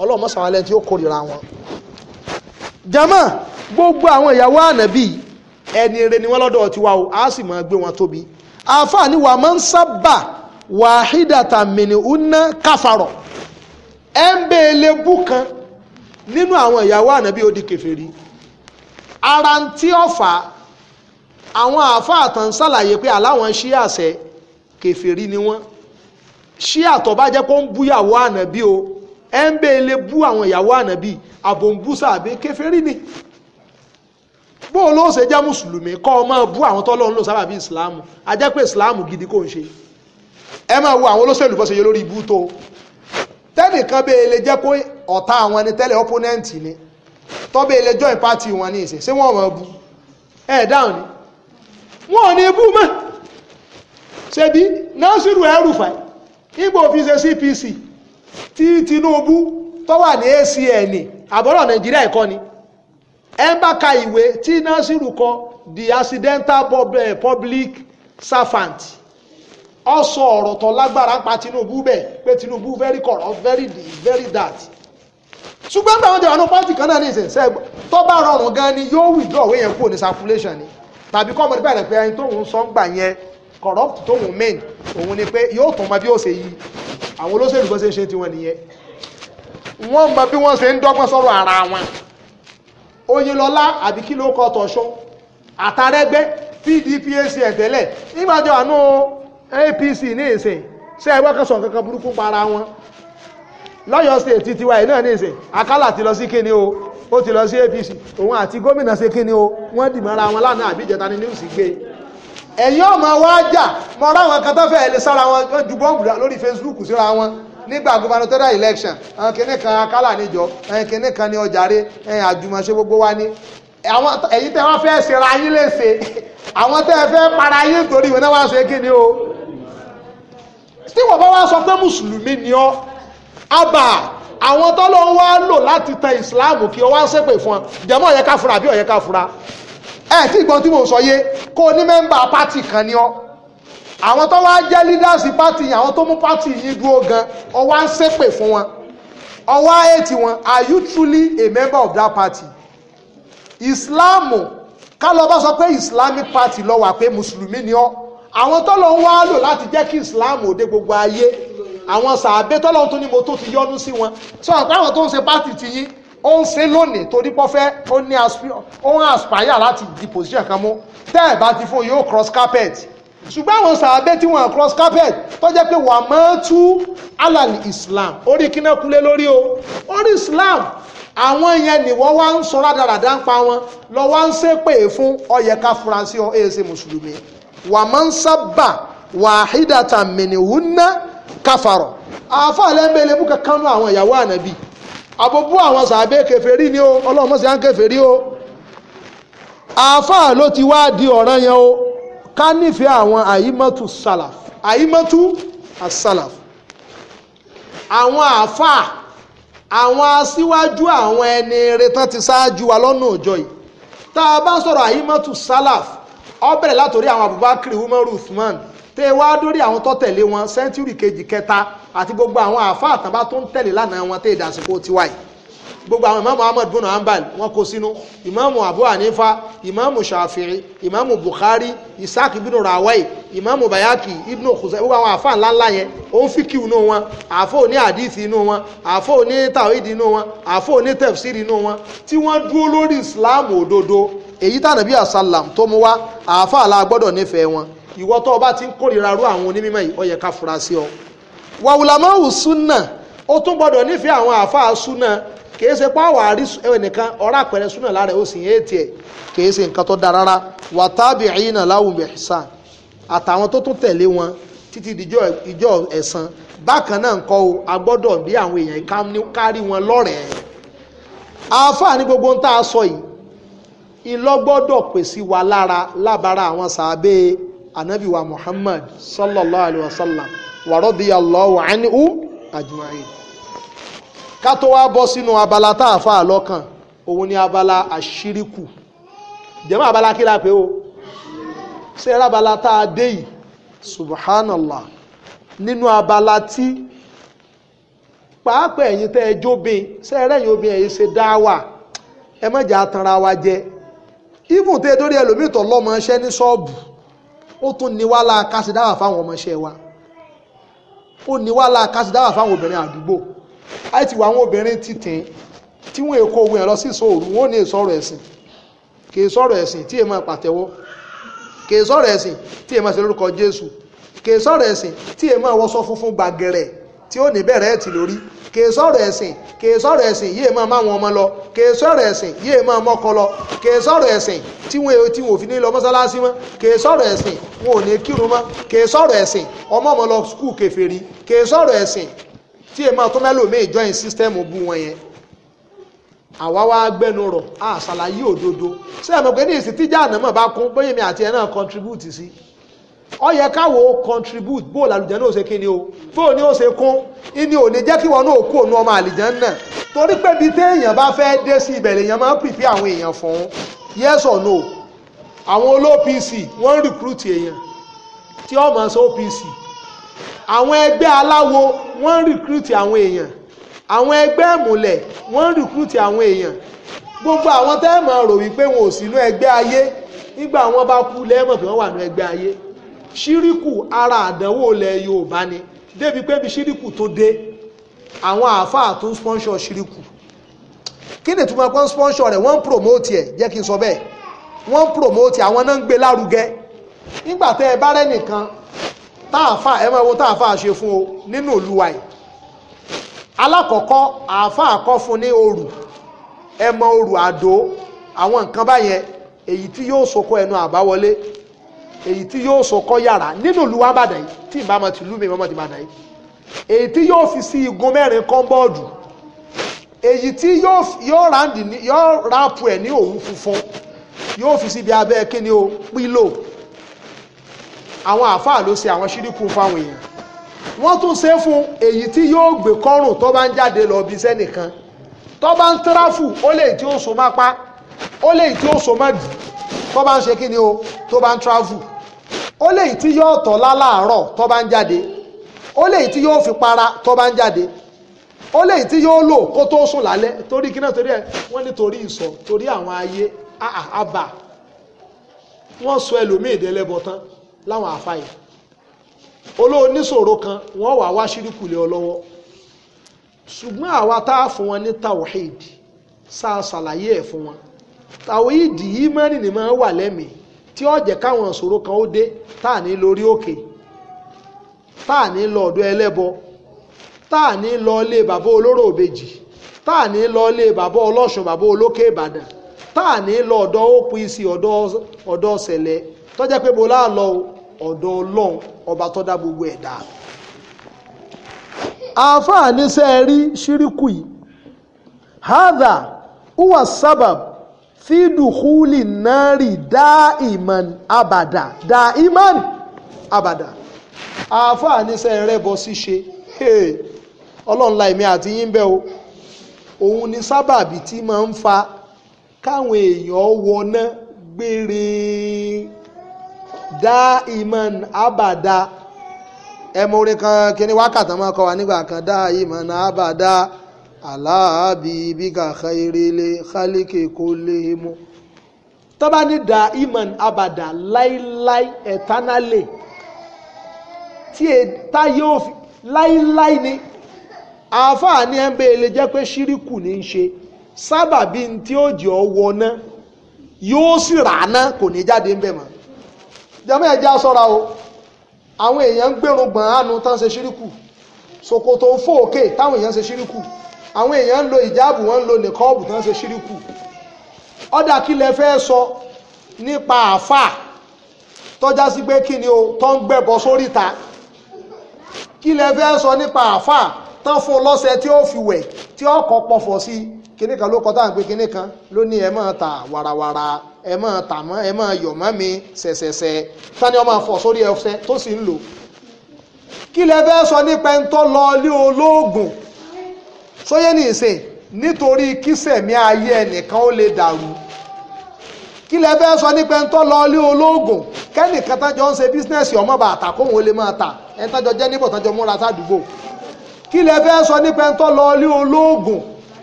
Speaker 1: ọlọ́run mọ́sàn alẹ́ tí ó kórìíra wọn. jama gbogbo àwọn ìyàwó ànábì ẹni eré ni wọ́n lọ́dọ̀ tiwa o a sì máa gbé wọn tóbi àfààní wa máa ń sábà wàhídàtà mìnìúnà káfàrọ̀ ẹ ń bẹ elébú kan nínú àwọn ìyàwó ànábì ó di kèfèrí ara ń tí ọ̀fà àwọn àáfàá tán ṣàlàyé pé aláwọn ṣíà ṣe kèfèrí ni wọ́n ṣíà tó bá jẹ́ ń búyàwó ànábì o ẹ ń bẹ́ẹ̀ lè bú àwọn ìyàwó ànábì àbòǹbùsà àbí kèfèrí ni bó o ló ṣe jẹ́ mùsùlùmí kọ́ ọ máa bú àwọn tọ́lọ́run lò sábàbí ìsìláàmù a jẹ́ pé ìsìláàmù gidi kò ń ṣe ẹ máa wo àwọn olóṣèlú bó ṣe yẹ lórí ibú tó tẹ́nìkan bẹ́ẹ̀ lè jẹ́ pé ọ̀tá àwọn ẹni tẹ́lẹ̀ ọ́pọ́nẹ́ǹtì ni tọ́bẹ̀ ilẹ̀ join party wọn ní ìsìn ṣé wọ́n mọ̀ bú ẹ̀ dáhùn ni wọ́n ní bú mọ́ ṣe bí Nasiru El-Rufai ìgbò fi ṣe CPC tí Tinubu tó wà ní ACN àbọ̀rọ̀ Nàìjíríà ẹ̀kọ́ ni ẹ ń bá ka ìwé tí Nasiru kọ the accidental eh, public servant ó sọ ọ̀rọ̀ tó lágbára pa Tinubu bẹ́ẹ̀ pé Tinubu very corrupt very di very that ṣùgbọ́n nígbà wọn jẹ́ ọ̀nà pọ́ǹtì kan náà ní ìsẹ̀nsẹ̀ tó bá rọrùn gan ni yóò withdraw wéyẹn kúrò ní circulation ni tàbí kọ́ ọmọdé bẹ̀rẹ̀ pé ẹni tó ń sọ ń gbà yẹn corrupt tóun main òun ni pé yóò tún mọ bí ó ṣe yí àwọn olóṣèlú bó ṣe ń ṣe tiwọn nìyẹn wọ́n mọ bí ṣe ń ara wọn oyinlọ́lá àbí kí ló kọ tọ̀ṣọ́ àtàrẹ́gbẹ́ pdp acn àánú apc ní ìsìn ṣé ẹgbẹ́ kan kankan burúkú para wọn lọ́yọ̀ state tiwa náà ní ìsìn akálà ti lọ sí o ó lọ sí apc òun àti gómìnà ṣe o wọn lánàá ni news gbé ẹ̀yin ọmọ wa jà mọ ọ̀rọ̀ àwọn kan tó fẹ́ lè sára wọn ju bọ́ǹbù lórí Facebook síra wọn nígbà gubernatorial election àwọn kìnnì kan akálà níjọ ẹ̀yin kìnnì kan ní ọjàre ẹ̀yin àjùmọ̀ṣe gbogbo wa ní àwọn ẹ̀yin tẹ́ wá fẹ́ ṣera yín léṣe àwọn tẹ́ fẹ́ para yín torí ìwé náà wá ṣe kí ni o tí wọ́n bá wá sọ pé mùsùlùmí ni ọ́ abà àwọn tọ́lọ́ ń wá lò láti tan ìsìláàmù kí ọ wá ṣépè fún ọ jẹ́mọ́ ọ̀yẹ́ká fura àbí ọ̀yẹ́ká fura ẹ tí ìgbọ́n tí mo sọ yé kó o ní mẹ́mbà pátì kan ni ọ́ àwọn tó wá jẹ́ leaders pátì yìí àwọn tó mú pátì yìí dúró gan ọ wá ń ṣépè fún wọn ọ wá ètì wọn are you truly a member of that party islam ká lọ bá sọ pé islamic party lọ wà pé mùsùlùmí ni ọ́ àwọn tó lọ ń wá lò láti jẹ́ kí islam ò dé gbogbo ayé àwọn sàábé tó lọ tó ní mo tó ti yọ́nú sí wọn sọ àpá àwọn tó ń ṣe pátì ti yín ó ń ṣe lónìí torí pọ́ fẹ́ ó ní ó ń aspire láti di position kan mú tẹ́ ẹ̀ bá ti fún yóò cross carpet ṣùgbọ́n àwọn sàábẹ́ tí wọ́n cross carpet tó jẹ́ pé wà máa tú alàlì Islam orí kíná kúlé lórí o orí Islam àwọn yẹn ni wọ́n wá ń sọ rádaràdá ń pa wọn lọ wá ń ṣépè fún ọ̀yẹ̀ká furansé ọ̀ ẹ̀ ṣe mùsùlùmí wà máa ń sábà wàhídàtà mìnìhùn ná káfàrọ̀ àáfàá lẹ́ńbẹ̀lẹ́bù kankan nú àwọn ìyàwó ànábì àbòbú àwọn sàbẹ̀ kèfèrí ni o ọlọ́mọ sí à ń kèfèrí o àáfàá ló ti wá di ọ̀ràn yẹn o ká nífẹ̀ẹ́ àwọn àyímọ́tù sàlàf àyímọ́tù àsàlàf àwọn àáfàá àwọn aṣíwájú àwọn ẹni retán ti ṣáájú wa lọ́nà òjọ yìí tá a bá sọ̀rọ̀ àyímọ́tù sàlàf ó bẹ̀rẹ̀ látòrí àwọn Abubakar Umar Uthman tẹ́ wá dórí àwọn tó wọn sẹ́ńtúrì kejì kẹta àti gbogbo àwọn àáfàá àtàbá tó ń tẹ̀lé lánàá wọn tẹ̀ ìdásíkò tiwa yìí gbogbo àwọn ìmáàmù ahmed bùnà hanbal wọn kó sínú ìmáàmù abu hanifa ìmáàmù shafi'i ìmáàmù bukhari isaac ibn rawai ìmáàmù bayaki ibn khuzai gbogbo àwọn àáfàá ńláńlá yẹn òun fíkì inú wọn àáfà òní àdìsí inú wọn àáfà òní tàwídì inú wọn àáfà òní tẹfsiri inú wọn tí wọ́n dúró lórí islam òdodo èyí tànàbí àsálàm tó mú wá àáfà la gbọ́dọ̀ nífẹ̀ẹ́ wọn ìwọ tó o bá ti ń kórìíra rú àwọn onímọ̀ yìí ó yẹ ká fura sí ọ wàhùlámọ́wù súnà ó tún gbọ́dọ̀ nífẹ̀ẹ́ àwọn àáfàá súnà kìí ṣe pàwọ́ àrí ẹnìkan ọ̀rá àpẹẹrẹ súnà lára ó sì ń ètì ẹ̀ kìí ṣe nǹkan tó da rárá wà tábì ìyínà láwùn bẹ̀ṣà àtàwọn tó tún tẹ̀lé wọn títí ìjọ ìjọ ẹ̀san bákan náà ń kọ́ o a gbọ́dọ̀ bí àwọn èèyàn kárí wọn lọ́rẹ̀ẹ́ àáfàá ní gbogbo ń tá a sọ yìí ìlọ́gbọ́dọ̀ pèsè wa lára lábára àwọn sàábé ànábìwá Muhammad sallallahu alayhi wa sallam wa radiyallahu anhu ajma'in ká tó wá bọ́ sínú abala tá a fa àlọ́kàn òun ni abala àṣíríkù jẹ́mọ́ abala kí la pé o ṣe rábala tá dé yìí subhanallah nínú abala tí pàápàá ẹ̀yin tẹ́ ẹ jóbin ṣe ẹ̀rẹ́yìn obìnrin ẹ̀yin ṣe dá wà ẹ mọ̀jà tanra wa jẹ even tẹ́ dórí ẹlòmíì tó lọ́mọ iṣẹ́ ní ṣọ́ọ̀bù ó tún ní wàhálà kásìdáwà fáwọn ọmọ iṣẹ́ wa ó ní wàhálà kásìdáwà fáwọn obìnrin àdúgbò àì ti wà àwọn obìnrin títìn tí wọn èkó owó yẹn lọ sí ìṣòro wọn ò ní ìsọ̀rọ̀ ẹ̀sìn kì í sọ̀rọ̀ ẹ̀sìn tí èèmọ̀ pàtẹ́wọ́ kì í sọ̀rọ̀ ẹ̀sìn tí èèmọ̀ ṣe lórúkọ Jésù kì í sọ̀rọ̀ ẹ̀sìn tí èèmọ̀ wọṣọ funfun gbàgẹ̀rẹ̀ tí ó ní bẹ̀rẹ̀ ẹ̀tì lórí kèé sọ̀rọ̀ ẹ̀sìn kèé sọ̀rọ̀ ẹ̀sìn yéé máa máwọn ọmọ lọ kèé sọ̀rọ̀ ẹ̀sìn yéé máa mọ́kọ lọ kèé sọ̀rọ̀ ẹ̀sìn tí wọn èyí tí wọn ò fi ní lọ mọ́sálásí mọ́ kèé sọ̀rọ̀ ẹ̀sìn wọn ò ní kírun mọ́ kèé sọ̀rọ̀ ẹ̀sìn ọmọ ọmọ lọ skul kèfèrí kèé sọ̀rọ̀ ẹ̀sìn tí èèmọ̀ tó mẹ́lòmíì join system bú wọn yẹn àwa wá gbẹnu rọ̀ àṣàlàyé òdodo sẹ́yìn pé ní ìsìtíjà àná mọ̀ bá kún bóyá mi àti ẹ̀ náà contribute sí i ó yẹ káwo contribute bó làlùjẹ́ náà ṣe kíni o bó ni ó se kún ìní ò ní jẹ́ kí wọn náà kú òun ọmọ àlìjẹ́ náà torí pé bí téèyàn bá fẹ́ dé sí ibẹ̀ lèèyàn máa ń pìfì àwọn èèyàn fún yes or no àwọn olópc wọ́n ń recruit èèyàn tí ó mọ̀ sí opc àwọn ẹgbẹ́ aláwo wọ́n ń recruit àwọn èèyàn àwọn ẹgbẹ́ ìmùlẹ̀ wọ́n ń recruit àwọn èèyàn gbogbo àwọn tẹ́ẹ̀mọ̀ rò wípé wọn ò sínú ẹgbẹ́ ayé nígbà wọn bá kú lẹ́ẹ̀mọ̀ pé wọ́n wà ní ẹgbẹ́ ayé ṣíríkù ara àdánwò ilẹ̀ yorùbá ni débi pé bí ṣíríkù tó dé àwọn àáfàá tó ń sponsor ṣíríkù kí ni ìtumọ̀ pé ń sponsor rẹ̀ wọ́n promote ẹ̀ jẹ́ kí n sọ bẹ́ẹ̀ wọ́n promote àwọn náà ń gbé lárugẹ nígbà tẹ́ ẹ bá rẹ́ nìkan táàfà ẹ máa wo táàfà ṣe fún o nínú ìlúwa yìí alákọ̀ọ́kọ́ àáfàá kọ́ fún ní òrù ẹ mọ òrù àdó àwọn nǹkan báyẹn èyí tí yóò sokó ẹnu àbáwọlé èyí tí yóò so kọ́ yàrá nínú ìlú abàdàn yìí tí ìbámu ti lú mi mọ́mọ́ ti bàdàn yìí èyí tí yóò fi sí igun mẹ́rin kọ́ńbọ́ọ̀dù èyí tí yóò ráǹdì yóò ráàpù ẹ̀ ní òwú funfun yóò fi síbi abẹ́ kíni o pílò àwọn àáfàá ló ṣe àwọn ṣíríkù fáwọn èèyàn wọ́n tún ṣe fún èyí tí yóò gbé kọ́rùn tó bá ń jáde lọ bí sẹ́nìkan tó bá ń tráfù ó lè tí ó so má pa ó lè tí ó so má dì tó bá ń ṣe kíni o tó bá ń travel ó lè tí yóò tọ̀ lálàárọ̀ tó bá ń jáde ó lè tí yóò fi para tó bá ń jáde ó lè tí yóò lò kó tó sùn lálẹ́ torí kí náà torí ẹ wọ́n ní torí ìsọ̀ torí àwọn ayé àbà wọ́n sọ ẹlòmíì délẹ́bọ tán láwọn àfàyè olóòníṣòro kan wọ́n wà wá ṣíríkù lé ọ lọ́wọ́ ṣùgbọ́n àwa tá a fún wọn ní tawhid sáà ṣàlàyé ẹ̀ fún wọn tawhid yìí mẹ́rin ni máa wà lẹ́mìí tí ó jẹ káwọn ìṣòro kan ó dé tá à ní lórí òkè tá à ní lọ ọ̀dọ̀ ẹlẹ́bọ tá à ní lọ ilé bàbá olóró òbejì tá à ní lọ ilé bàbá ọlọ́ṣun bàbá olókè ìbàdàn tá à ní lọ ọ̀dọ̀ opc ọ̀dọ̀ ṣẹlẹ̀ tó jẹ́ pé mo láà lọ ọ̀dọ̀ ọba gbogbo fídùkúlì nárì dáìmọ̀n abàdà dáìmọ̀n afọ àáfàá níṣẹ́ rẹ̀ bọ́ ṣíṣe ọlọ́run èmi àti yín bẹ́ o òun ni sábàbí tí máa ń fa káwọn èèyàn wọná gbére dáìmọ̀n abàdà ẹ̀mọ̀rin kan kí ni wákàtí máa kọ wa nígbà kan dáìmọ̀n abàdà. aláàbí bíga khairele khalike kullihimu tó bá ní da iman abada láíláí eternally tí e tá yóò fi láíláí ni àáfàá ní ẹnbẹ lè jẹ pé ṣíríkù ní í ṣe sábàbí tí ó jẹ ọwọ náà yóò sì rà ná kò ní jáde ńbẹ mọ́ jẹmọ ẹ já ṣọ́ra o àwọn èèyàn ń gbèrò gbọ̀n àánú tán ṣe ṣíríkù ṣòkòtò fòókè táwọn èèyàn ṣe ṣíríkù àwọn èèyàn ń lo ìjáàbù wọn ń lo nìkọ́ọ̀bù tán ṣe ṣíríkù ọ̀dà kí lẹ fẹ́ sọ nípa àáfàá tọ́já sí pé kí ni o tó ń gbẹ̀bọ sóríta kí lẹ fẹ́ sọ nípa àáfàá tán fún un lọ́sẹ̀ tí ó fi wẹ̀ tí ó kọ́ pọ̀fọ̀ sí kinní kan ló kọ́ tá à ń pè kinní kan ló ní ẹ máa ta wàràwàrà ẹ máa tà mọ́ ẹ máa yọ̀ mọ́ mi ṣẹ̀ṣẹ̀ṣẹ̀ tani ọmọ àfọ̀ sórí ẹsẹ̀ tó sì ń lò kí lẹ fẹ́ sọ nípa ẹni tó lọ ilé olóògùn sóyè ní ìsìn nítorí kísẹ̀mí ayé ẹnìkan ó lè dàrú kí lẹ fẹ́ sọ nípa ẹni tó lọ ilé olóògùn kẹ́nìkan tájọ ń ṣe bísínẹ́sì ọmọ bàtà kóhun ó lè máa ta. ẹni tájọ jẹ́ níbọ̀ tájọ múra sádùúgbò kí lẹ fẹ́ sọ nípa ẹni tó lọ ilé olóògùn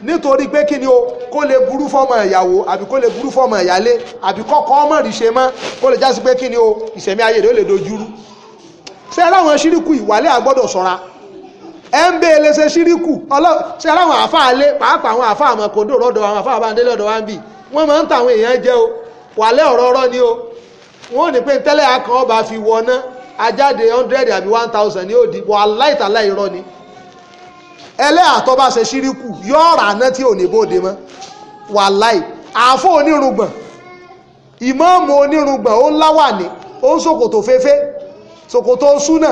Speaker 1: nítorí pé kí ni o kó lè burú fọmọ ìyàwó àbí kó lè burú fọmọ ìyálé àbí kọ́kọ́ ọmọ rí ṣe mọ́ kó lè jásí pé kí ni o ìṣẹ̀mí ayé rẹ̀ ó lè dojúrú ṣé ẹ láwọn ṣíríkù ìwàlẹ́ àgbọ́dọ̀ ṣọ́ra ẹ ń bẹ ẹlẹsẹ ṣíríkù ṣe aláwọn àáfàá lé pàápàá àwọn àáfàá àmọ́ kò dòrò ọ̀dọ̀ àwọn àáfàá àbáńdé lọ́dọ̀ wa ń bì wọ́n máa ń ta àwọn èèyàn jẹ o wàlẹ́ ọ̀rọ̀ ọ̀rọ̀ ni o wọ́n ò ní pé tẹ́lẹ̀ akàn ọba fi wọná ajáde hundred àbí one thousand ní òdi wàláì tàlà irọ́ ni ẹlẹ́yà tó bá ṣe ṣíríkù yóò rà ná tí ò ní bóde mọ́ wàláì àáfò onírùngbọ̀n ìmáàmù onírùngbọ̀n ó láwà ní ó ń ṣòkòtò fẹ́fẹ́ ṣòkòtò súnà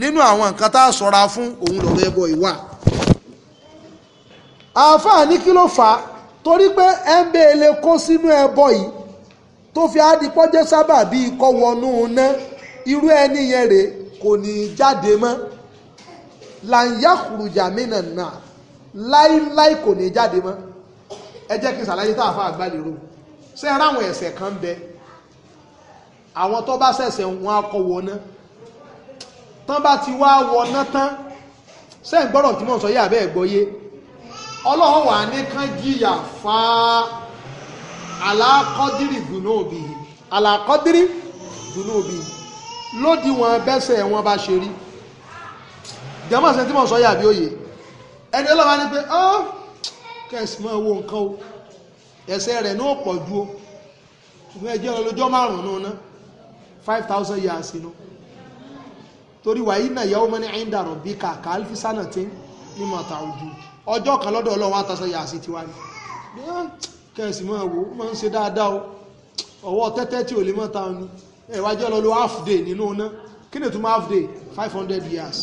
Speaker 1: nínú àwọn nǹkan tá a sọ̀ra fún òun lọ́rọ̀ ẹbọ ìwà àáfàá ní kí ló fà á torí pé ẹ̀ńbẹ́ ele kó sínú ẹbọ yìí tó fi adipọ́jẹ́ sábà bíi kọ́ wọnú ná irú ẹni yẹn rèé kò ní í jáde mọ́ làǹyàkùrùjà mínà náà láíláí kò ní í jáde mọ́ ẹ jẹ́ kí n ṣàlàyé tá a fa àgbàlérò ṣé ẹ ráwọn ẹ̀ṣẹ̀ kan bẹ àwọn tó bá ṣẹ̀ṣẹ̀ wọn akọ wọná tán bá ti wá wọná tán sẹ́yìn gbọ́dọ̀ tí mò ń sọ yé àbẹ́ ẹ̀gbọ́yé ọlọ́run wà ní kán jìyà fa alákọ́dírì dùnú òbí alákọ́dírì dùnú òbí lódì wọn bẹ́sẹ̀ wọn bá ṣe rí jẹ́mọ̀ sẹ́yìn tí mò ń sọ yé àbí òye ẹni ọlọ́run ní pé ọ́ kẹ́sì mọ́ owó nǹkan o ẹsẹ̀ rẹ̀ ní ó ju o ṣùgbọ́n ẹjẹ́ ọlọ́jọ́ márùn-ún náà five thousand years inú. You know torí wàyí náà yàwó mọ́ ní ẹ̀ńdà rọ̀bí ká kàálfì sánà tí ní mọ̀ tà ojú ọjọ́ kan lọ́dọ̀ ọlọ́run àtàṣà yà sí tiwa ni kẹ̀sì máa wò ó máa ń ṣe dáadáa o ọwọ́ tẹ́tẹ́ tí ò lè mọ́ ta ni ẹ̀wájọ́ lọ half day nínú ọ̀nà kí ni ìtumọ̀ half day five hundred years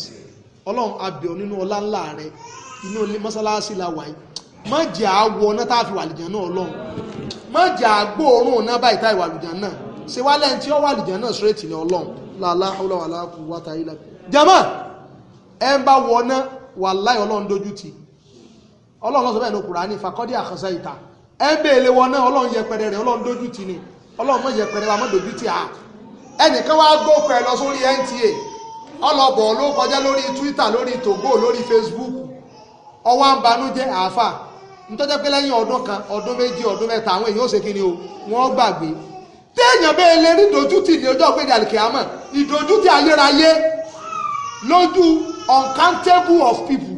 Speaker 1: ọlọ́run abẹ́ọ̀ nínú ọlá ńlá rẹ inú mọ́sálásí la wáyé má jẹ́ àwọ̀ ọ̀nà tá a fi wàlìjàn náà ọlọ́run má jẹ́ àgbóòórùn ọ̀nà báyìí tá ìwàlìjàn náà ṣe wálẹ̀ tí ó wàlìjàn náà straight ni ọlọ́run làlàhùlà wà láàkú wàtà ilà jama ẹ ń bá wọná wà láì ọlọ́run dojú ti ọlọ́run lọ́sọ̀ bẹ́ẹ̀ ló fàkọ́dí ìta wọná ọlọ́run yẹpẹrẹ rẹ ọlọ́run dojú ti ni ọlọ́run mọ̀ yẹpẹrẹ wa mọ̀ dojú ti à ẹnìkan NTA ọlọ́bọ̀ ló kọjá lórí Twitter lórí Togo lórí Facebook ọwọ́ àáfà pé lẹ́yìn ọdún kan ọdún méjì ọdún téèyàn bẹ́ẹ̀ lè rí ìdójútì ní ọjọ́ ògbéde àlìkèámọ̀ ìdójútì ayérayé lójú uncountable of people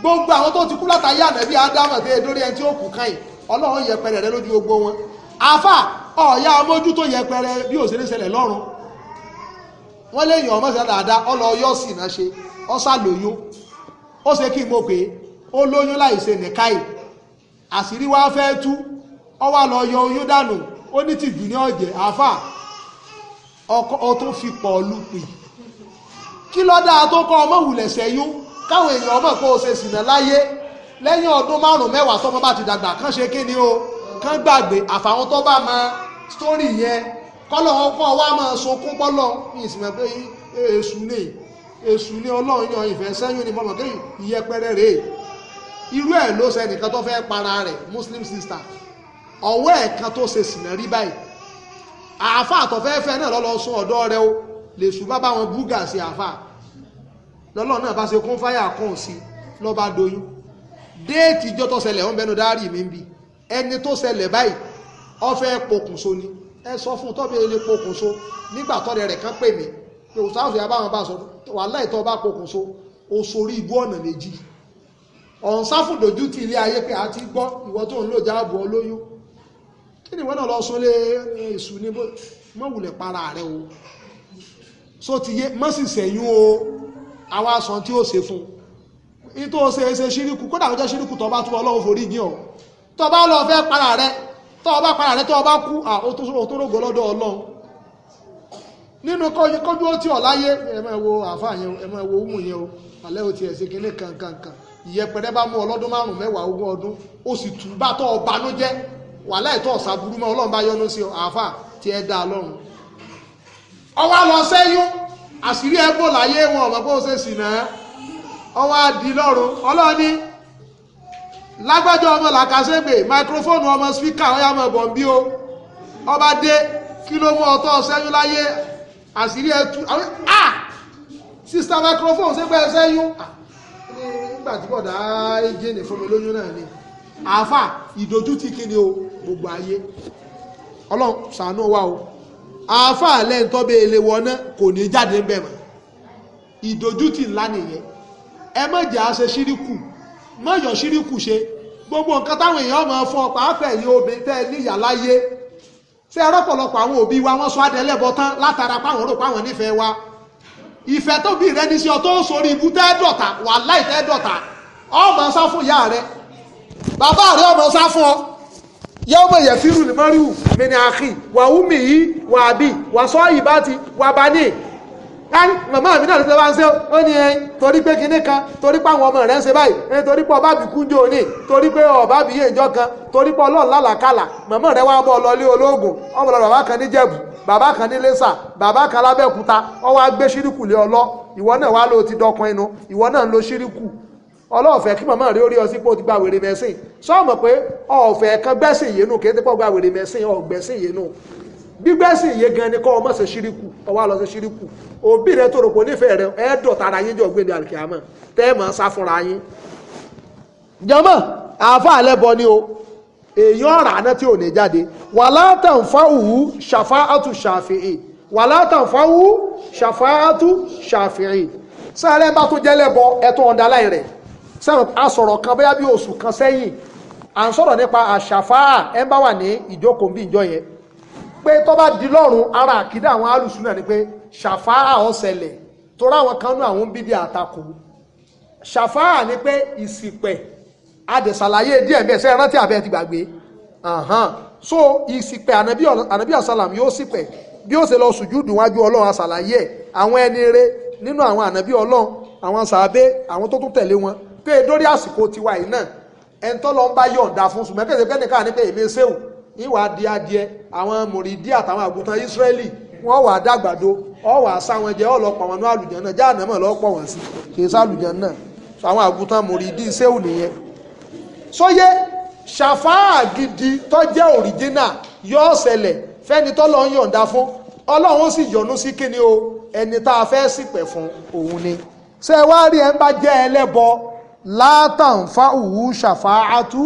Speaker 1: gbogbo àwọn tó ti kú látàyé ànábì ádámù àti edori ẹni tí ó kù káyìn ọlọ́run yẹpẹrẹ rẹ lójú gbogbo wọn afa ọ̀ọ́yá ọmọdún tó yẹpẹrẹ bí òṣèré ṣẹlẹ̀ lọ́run wọ́n léyìn ọmọ ṣẹlẹ̀ dáadáa ọlọ́ọ̀yọ́ sì náà ṣe ọ̀sàlóyún ó ṣe kí n mọ̀ pé ó lóyún láì ṣe nìkáyì àṣírí wa fẹ́ tú ọwọ́ lọ yọ oyún dànù ó ní tìjú ní ọ̀jẹ̀ àáfà ọ tó fi pọ̀ lùpì kí lọ́dà tó kọ́ ọmọ ìwùlẹ̀ sẹ́yún káwọn èèyàn ọmọ kó o ṣe sìnà láyé lẹ́yìn ọdún márùn-ún mẹ́wàá tọ́mọ bá ti dàgbà kán ṣe kí ni o kán gbàgbé àfàwọn tó bá mọ sítórì yẹn kọ́lọ̀ wọn kọ́ wa máa sunkún bọ́lọ̀ ní ìsìnkú pé èṣù ni èṣù ni ọlọ́run yan ìfẹ́ sẹ́yìn ni mọ̀mọ́ kéyìn ìyẹpẹrẹ rèé irú ẹ̀ ló ṣe ẹnìkan tó fẹ́ para rẹ̀ muslim sister ọwọ́ ẹ̀ kan tó ṣe sìnà rí báyìí àáfà àtọ̀fẹ́fẹ́ náà lọ́lọ́ sún ọ̀dọ́ rẹ o lè ṣùgbọ́n bá wọn búgà sí àáfà lọ́lọ́ náà bá ṣe kún fáyà kan sí lọ́ba doyún déètì ìjọ tó ṣẹlẹ̀ ọ̀n bẹnu dárì mi ń bi ẹni tó ṣẹlẹ̀ báyìí ó fẹ́ pokùnso ni ẹ sọ fún tọ́bi ilé pokùnso nígbà tọ́lẹ̀ rẹ̀ kan pè mí pé òṣàṣù yà bá wọn bá sọ wàhálà ìtọ́ bá pokùnso òṣòrí ibú ọ̀nà méjì ọ̀nsáfùdójú ti ilé ayé pé àti gbọ́ ìwọ tó ń lò jáàbù olóyún kí ni wọ́n lọ sólé èṣù ní mọ́wùlẹ̀ para rẹ o so ti yé mọ́ sì sẹ́yìn o àwọn asàn tí ó ṣe fún ní tó ṣe é ṣe ṣíríkù kódà ó jẹ́ ṣíríkù tó bá tú ọlọ́run forí jìn ọ́ tó bá lọ fẹ́ para rẹ tó bá para rẹ tó bá kú àtúrógò lọ́dọ̀ ọlọ́run nínú kọjú ó ti ọ̀láyé ẹ máa wo àáfàá yẹn ẹ máa wo ọmọ yẹn o alẹ́ ò tiẹ̀ ṣe kinní kankankan ìyẹpẹrẹ bá mú ọlọ́dún márùn-ún mẹ́wàá ogún ọdún ó sì tù bá tọ́ ọbanú jẹ́ wàhálà ìtọ́ ọ̀sà burú mọ́ ọlọ́run bá yọ́nú sí ọ àáfà tí ẹ dá lọ́run ọwọ́ lọ sẹ́yún àṣírí ẹgbò láyé wọn ọ̀mọ́ bó ṣe sì náà ọwọ́ àdì lọ́run ọlọ́run ní lágbájọ ọmọ làkàṣẹ́gbè máikrófóònù ọmọ spíkà ọyá ọmọ ẹ̀bọ̀n bí o ọba dé kí ló mú ọtọ́ sẹ́yún láyé àṣírí ẹtù à sísá máikrófóònù ṣẹgbẹ́ sẹ́yún nígbà tí bọ̀dá ẹjẹ́ nì fún mi lóyún náà ni àáfà ìdójútì kí ni o gbogbo ayé ọlọ́run ṣàánú wa o àáfàá lẹ́ńtọ́ bẹ́ẹ̀ lè wọná kò ní jáde ń bẹ̀ mọ́ ìdójútì ńlá nìyẹn ẹ má jẹ́ àṣẹ ṣíríkù má yọ ṣíríkù ṣe gbogbo nǹkan táwọn èèyàn máa fún ọ pàápàá ẹ̀yin obìnrin tẹ́ ẹ níyà láyé ṣé ẹ rọ́pọ̀lọpọ̀ àwọn òbí wa wọ́n sọ adẹ́lẹ́bọ tán látara páwọn rò páwọn nífẹ̀ẹ́ wa ìfẹ́ tóbi rẹ ní sí ọ tó sórí ibú tẹ́ dọ̀tà wàláì tẹ́ dọ̀tà ọmọ sá fún ìyá rẹ bàbá rẹ ọmọ sá fún ọ yawma yafiru limaru min akhi wa ummihi wa abi wa sahibati wa bani kárí màmá mi náà ló ti bá ń ṣe ó ní ẹyin torí pé kinní kan torí pé àwọn ọmọ rẹ̀ ń ṣe báyìí ẹyin torí pé ọba àbíkú ń jó ní torí pé ọba àbí yéèjọ kan torí pé ọlọ́run lálàkàlà màmá rẹ̀ wá bọ́ ọ lọlé olóògùn ọmọ lọ bàbá kan ní jẹ̀bù bàbá kan ní lẹ́sà bàbá kan lábẹ́òkúta ó wá gbé ṣíríkù lé ọlọ́ ìwọ náà wá ló ti dọkun inú ìwọ náà ń lo ṣíríkù ọlọ́ọ̀fẹ́ kí màmá rí orí ọsí pé ó ti gba wèrè mẹ́sìn sọ́ọ̀mọ̀ pé ọ̀fẹ́ kan gbẹ́sìn yénú kì í ti pọ̀ gba wèrè mẹ́sìn ọ̀gbẹ́sìn yénú gbígbẹ́sìn yé gan ni kọ́ ọmọ ṣe ṣíríkù ọwọ́ àlọ́ ṣe ṣíríkù òbí rẹ tó rògbò nífẹ̀ẹ́ rẹ ẹ̀ẹ́dọ̀ tara yín jọ gbélé àlùkìyàmọ̀ tẹ́ ẹ̀ máa sá fúnra yín. jọmọ àáfà àlẹbọ ni o èèyàn ọ̀rà àná tí ò ní jáde wà látàn fáwù ṣàfà àtù ṣàfihì wà látàn fáwù ṣàfà àtù ṣàfihì sáré bá tó jẹ́ lẹ́bọ ẹ̀tún ọ̀dà láì rẹ̀ sẹ́wọ̀n a sọ̀rọ̀ kan bóyá bí oṣù kan sẹ́yìn à ń sọ̀rọ̀ nípa àṣàfáà ẹ̀ ń bá wà ní ìjókòó bí ìjọ yẹn pé tó bá di lọ́rùn ara àkídá àwọn alùsùn náà ni pé ṣàfáà ó ṣẹlẹ̀ torí àwọn kan ní àwọn ń bídí àtakò ṣàfáà ni pé ìsìpẹ̀ adẹ̀sàlàyé díẹ̀ bẹ́ẹ̀ sẹ́yìn rántí àbẹ́ ti gbàgbé so ìsìpẹ̀ ànábì àsálàm yóò sìpẹ̀ bí ó ṣe lọ sùjúdù wájú ọlọ́run àsàlàyé àwọn ẹni rere nínú àwọn ànábì ọlọ́run àwọn sàábé àwọn tó tún tẹ̀lé wọn pé dórí àsìkò tiwa yìí náà ẹni tọ́lọ ń bá yọ̀ǹda fún sùn mẹ́kẹ́sẹ̀ pé nìkan ní pé èmi sẹ́wù ìwà adìẹ adìẹ àwọn mòrídìí àtàwọn àgùntàn Ísírẹ́lì wọ́n wà dàgbàdo ọ wà sáwọn jẹ ọlọpàá wọn ní àlùjànnà jáàná mọ lọpọ wọn sí kì í sálùjànnà àwọn àgùntàn mòrídìí sẹ́wù nìyẹn. sóyè ṣàfáà gidi tó jẹ́ òrìjínà yóò ṣẹlẹ̀ fẹ́ni tọ́lọ́ ń yọ̀ǹda fún ọlọ́run sì yọ́nú sí kíni o ẹni tá a fẹ́ ṣìpẹ̀ fún òun ni ṣé wàá ń bá jẹ́ ẹlẹ́bọ látàǹfà òwú ṣàfáàtú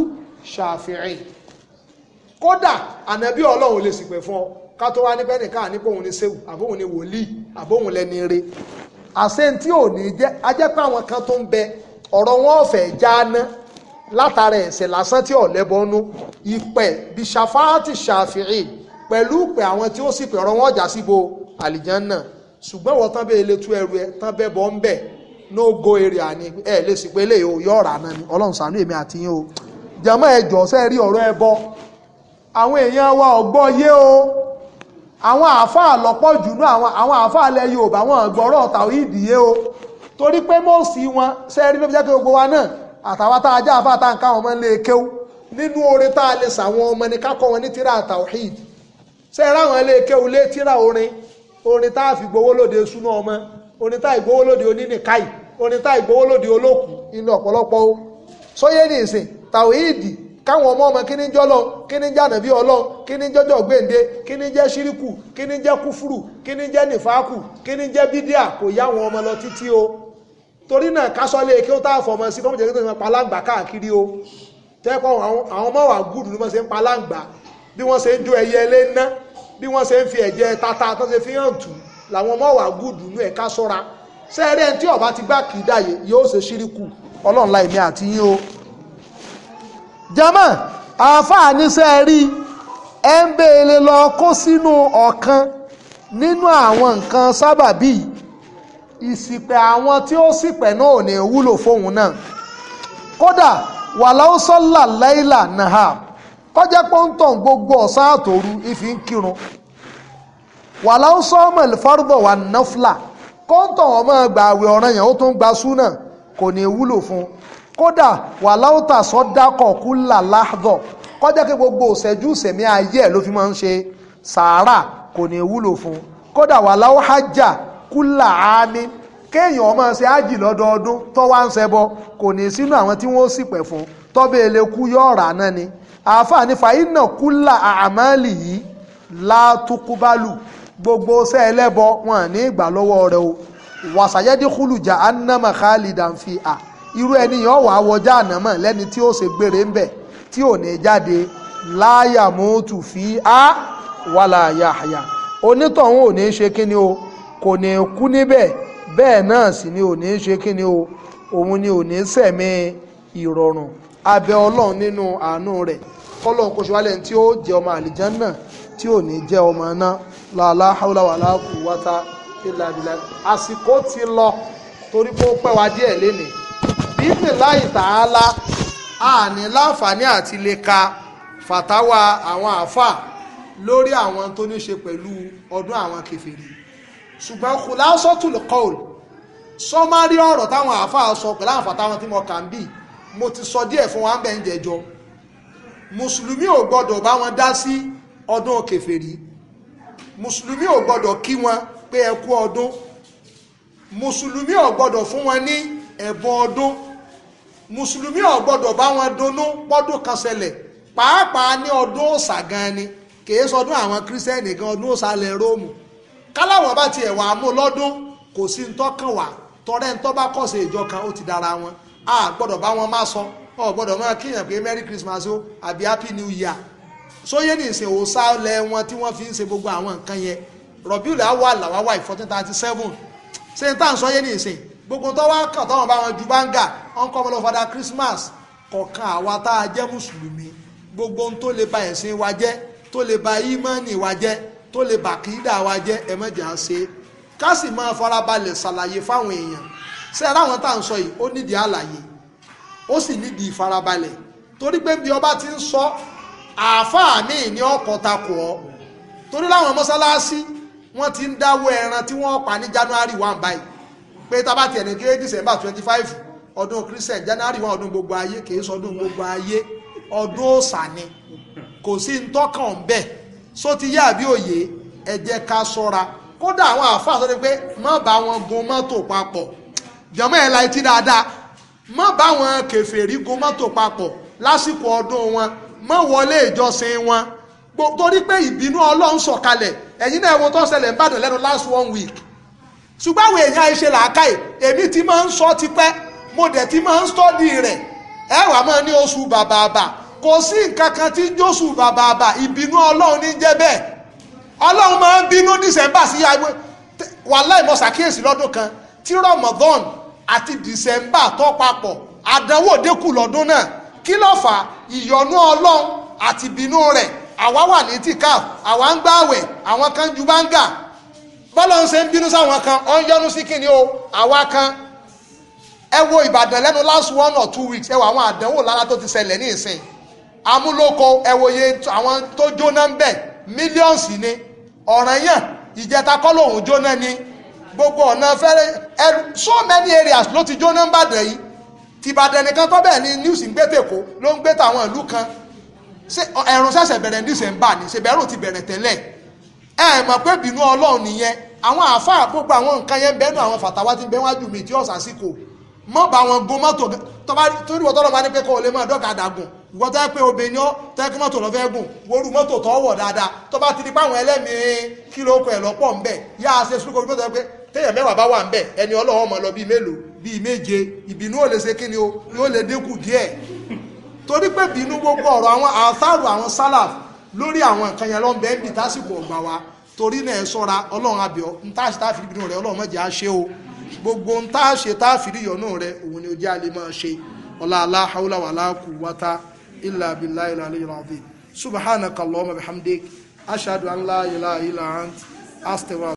Speaker 1: ṣàfihàn kódà ànábí ọlọ́run lè sì pẹ̀ fún ọ ká tó wá níbẹ̀ nìkan àní pòun ní sẹ́wù àbóhun ní wòlíì àbóhun lẹni re àṣẹ tí ò ní jẹ́ ajẹ́ pé àwọn kan tó ń bẹ ọ̀rọ̀ wọn ọ̀fẹ́ jáná látara ẹ̀ṣẹ̀ lásán tí ọ̀lẹ́bọnú ìpẹ̀ bí ṣàfáàtì ṣàfihàn pẹ̀lú pẹ̀ àwọn tí ó sì pẹ̀ ọ̀rọ̀ wọn ọjà síbo àlìjánná ṣùgbọ́n wọ́n tán bẹ́ẹ̀ lè ẹrù ẹ tán bẹ́ẹ̀ bọ́ ń bẹ́ẹ̀ no go area ni ẹ lè sì pé eléyìí o yọ ọ̀rà náà ọlọrun sanu emi ati àti o jàmọ́ ẹjọ ṣe ọrọ ọ̀rọ̀ ẹbọ àwọn èèyàn wa ọ̀gbọ́ yé o àwọn àáfàá lọ́pọ̀ jù náà àwọn àwọn àáfàá ilẹ̀ Yorùbá wọn gbọ́rọ̀ tàwíìdì yé o torí pé mọ́ọ̀sì wọn ṣe rí ló fi jẹ́ pé gbogbo wa náà àtàwọn tá a já àáfàá tá a ń ká wọn mọ́ lé kéwú nínú oore tá a lè sàwọn ọmọ ni kákọ́ wọn ní tíra tàwíìdì ṣe ráwọn ilé kéwú lé tíra orin orin tá a fi gbowó lóde súná ọmọ orin tá a fi gbowó lóde onínìkáyìí oníta ìgbowó lòdì olókùn ilé ọ̀pọ̀lọpọ̀ o sóyè ní ìsìn tàwíìdì káwọn ọmọ ọmọ kíní jọlọ kíní jànà bí ọlọ́run kíní jọjọ gbèǹde kíní jẹ́ ṣíríkù kíní jẹ́ kúfúrù kíní jẹ́ nìfàákù kíní jẹ́ bídíà kò yá àwọn ọmọ lọ títí o torí náà kásọlé kí ó tá àfọmọ sí kọ́mọ̀jẹ́ kí ó máa palágbà káàkiri o tẹ́pọ̀ àwọn ọmọ wà gùdù ló máa ṣe ń palágbà bí wọ́n ṣe ń jó ẹyẹ lé ná bí wọ́n ṣe ń fi ẹ̀jẹ̀ tata tó ṣe fi hàn tù làwọn ọmọ wà gùdù nú ẹ̀ ká sẹ́ẹ̀rẹ́ tí ọba ti gbá kì í dáyé yóò ṣe ṣíríkù ọlọ́run la àti yín o jama àáfàá ní sẹ́ẹ̀rí ẹ ń béèrè lọ kó sínú ọ̀kan nínú àwọn nǹkan sábàbí ìsìpẹ̀ àwọn tí ó sìpẹ̀ náà ò ní wúlò fóun náà kódà wàláwó sọ́là láìlà nàá kọjá pọ́ńtọ̀n gbogbo ọ̀sán àtòru ìfi ń kírun wàláwó fárúbọ̀ wà náfúlà kóńtọ̀ wọn máa gba àwẹ̀ ọ̀ràn yẹn ó tún gba súnà kò ní wúlò fún kódà wà láwùtà sọ́dákọ̀ kú làlágọ̀ kọjá pé gbogbo ìṣẹ́jú ìṣẹ̀mí ayé ẹ̀ ló fi máa ń ṣe sàárà kò ní wúlò fún kódà wà láwùhájà kú làámi kéèyàn ó máa ṣe ájì lọ́dọọdún tó wá ń ṣẹbọ kò ní sínú àwọn tí wọ́n sì pẹ̀ fún tọ́bẹ̀ èlé kú yọ̀ọ̀rà náà ni àáfàá ní fàyínà kú là yìí látúkúbálù gbogbo ṣe ẹlẹ́bọ wọn ní ìgbà lọ́wọ́ rẹ o wàṣàyẹ́dí kúlùjà anamọ khalidan fi à irú ẹni yẹn wàá wọjá ànámọ̀ lẹ́ni tí ó ṣe gbére ń bẹ̀ tí ò ní jáde láyà mọ́tù fi á wàlà yàhàyà onítọ̀hún ò ní ṣe kíni o kò ní kú níbẹ̀ bẹ́ẹ̀ náà sì ni ò ní ṣe kíni o òun ni ò ní sẹ̀mí ìrọ̀rùn abẹ́ ọlọ́run nínú àánú rẹ̀ kọ́lọ́n kó ṣe wálẹ̀ tí ó jẹ ọmọ àlìján náà tí ò ní jẹ́ ọmọ náà làlá haúláwà láàkú wáta ìlàbílà àsìkò ti lọ torí pé ó pẹ́ wá díẹ̀ lénìí bíbí láì tààlà àní láǹfààní àti lè ka fàtáwà àwọn àáfàá lórí àwọn tó ní ṣe pẹ̀lú ọdún àwọn kèfèrí ṣùgbọ́n khulasatul qawl sọmárí ọ̀rọ̀ táwọn àáfàá sọ pẹ̀lú àwọn fàtàwọn tí mo kà ń bì mo ti sọ díẹ̀ fún wa ń bẹ̀ ń jẹjọ mùsùlùmí ò gbọdọ̀ bá wọn dá sí ọdún kèfèrí mùsùlùmí ò gbọ́dọ̀ kí wọn pé ẹ kú ọdún mùsùlùmí ò gbọ́dọ̀ fún wọn ní ẹ̀bùn ọdún mùsùlùmí ò gbọ́dọ̀ bá wọn dunnú pọ́dún kan ṣẹlẹ̀ pàápàá ní ọdún òòṣà gan ni kìí sọdún àwọn kírísítẹ́nì gan ọdún òòṣà lẹ̀ róòmù káláwọn bá tiẹ̀ wà mú lọ́dún kò sí ní tọ́kàn wà tọrẹ ń tọ́ba kọ̀sẹ̀ ìjọ kan ó ti dára wọn a gbọ́dọ̀ bá wọn má sọ ọ gbọ́dọ̀ máa kíyàn pé merry christmas o àbí happy new year sóyè nìsín òsàlẹ̀ wọn tí wọ́n fi ń ṣe gbogbo àwọn nǹkan yẹn rọ̀bíù làwà làwà wà fourteen thirty seven ṣé n táà ń sóyè nìsín gbogbo tó wá kàn táwọn bá wọn ju báńgà ọ̀n kọ́ ọmọlọ́wọ́ fada Christmas kọ̀ọ̀kan àwa tá a jẹ́ mùsùlùmí gbogbo ohun tó lè ba ẹ̀sìn wa jẹ́ tó lè ba ímánì wa jẹ́ tó lè ba kìídà wa jẹ́ ẹ má jà á ṣe ká sì máa farabalẹ̀ ṣàlàyé fáwọn èèyàn ṣé aláwọn tá à ń sọ yìí ó nídìí àlàyé ó sì nídìí ìfarabalẹ̀ torí pé bí ọba ti ń sọ àáfàá mi ní ọkọ̀ takò ọ́ torí láwọn mọ́sálásí wọ́n ti ń dáwọ́ ẹran tí wọ́n pa ní january one báyìí pé tábà tiẹ̀ ní kéré december twenty five ọdún christian january one ọdún gbogbo ayé kì í sọdún gbogbo ayé ọdún òòsà ni kò sí ń tọ́kàn ń bẹ̀ só ti yá àbí òye ẹ jẹ́ ká ṣọ́ra kódà àwọn àáfàá sọ pé má bá wọn gun mọ́tò papọ̀ jọmọ́ ẹ̀ la etí dáadáa má bá wọn kèfèrí gun mọ́tò papọ̀ lásìkò ọdún wọn má wọlé ìjọsìn wọn torí pé ìbínú ọlọ́run sọ̀kalẹ̀ ẹ̀yin náà wo tó ṣẹlẹ̀ ń bàdàn lẹ́nu last one week ṣùgbọ́n àwọn èèyàn ṣe làákàyè èmi ti máa ń sọ tipẹ́ mo dẹ̀ ti máa ń stọ́dì rẹ̀ ẹ wà máa ní oṣù bàbàbà kò sí nǹkan kan tí jóṣù bàbàbà ìbínú ọlọ́run ní jẹ́ bẹ́ẹ̀ ọlọ́run máa ń bínú december sí ayé wàláì mo ṣàkíyèsí lọ́dún kan tí ramadan àti december tó papọ̀ àdánwò dínkù lọ́dún náà kí ló fà ìyọnú ọlọ́run àti ìbínú rẹ̀ àwa wà ní tìkà àwa ń gbààwẹ̀ àwọn kan ju báńgà bọ́lá ń ṣe ń bínú sáwọn kan ó ń yọnú sí kíni o àwa kan ẹ wo ìbàdàn lẹ́nu last one or two weeks ẹ wo àwọn àdánwò lára tó ti ṣẹlẹ̀ ní ìsìn amúlòkọ ẹ wo iye àwọn tó jóná ń bẹ̀ millions ni ọ̀ràn yẹn ìjẹta kọ́ lòun jóná ni gbogbo ọ̀nà fẹ́rẹ́ so many areas ló ti jóná ń bàdàn yìí tìbàdàn nìkan tó bẹ́ẹ̀ ni news ń gbé tèkó ló ń gbé tàwọn ìlú kan ṣé ẹ̀rùn ṣẹ̀ṣẹ̀ bẹ̀rẹ̀ dísẹ̀mbà ni ṣèbẹ̀rù ti bẹ̀rẹ̀ tẹ́lẹ̀ ẹ mọ̀ pé bínú ọlọ́run nìyẹn àwọn àáfàá gbogbo àwọn nǹkan yẹn bẹ́ẹ̀ nù àwọn fàtàwá ti bẹ́ẹ̀ wájú mi tí ọ̀sà sí kò mọ́ bá wọn gun mọ́tò torí wọ́n tọ́lọ́ máa ní pé kọ́ ọ lè máa dọ́kadà gùn ìwọ́n tẹ́ pé obìnrin ọ́ tẹ́ kí mọ́tò lọ́fẹ́ gùn wọ́rú mọ́tò tọ́ wọ̀ dáadáa tó bá ti di páwọn ẹlẹ́mìí kí ló kọ ẹ̀ lọ́pọ̀ ńbẹ̀ yá a ṣe sùkúrò bí wọ́n tẹ́ pé téèyàn mẹ́wàá bá wà ńbẹ̀ ẹni ọlọ́wọ́ mọ̀ lọ bíi mélòó bíi méje ìbínú ò lè ṣe kí ni o yóò lè dínkù díẹ̀ torí pé bínú gbogbo ọ̀rọ̀ àwọn àtàrò àwọn sálàf lórí àwọn nǹkan yẹn lọ́nbẹ́ ń bì tásìkò ọ̀gbà wa torí náà ẹ sọ́ra ọlọ́run abẹ́ọ́ ń tá àṣetá fi rẹ ọlọ́run o gbogbo rẹ ni ojú máa ṣe ilà abilà ilà alẹ́ yìí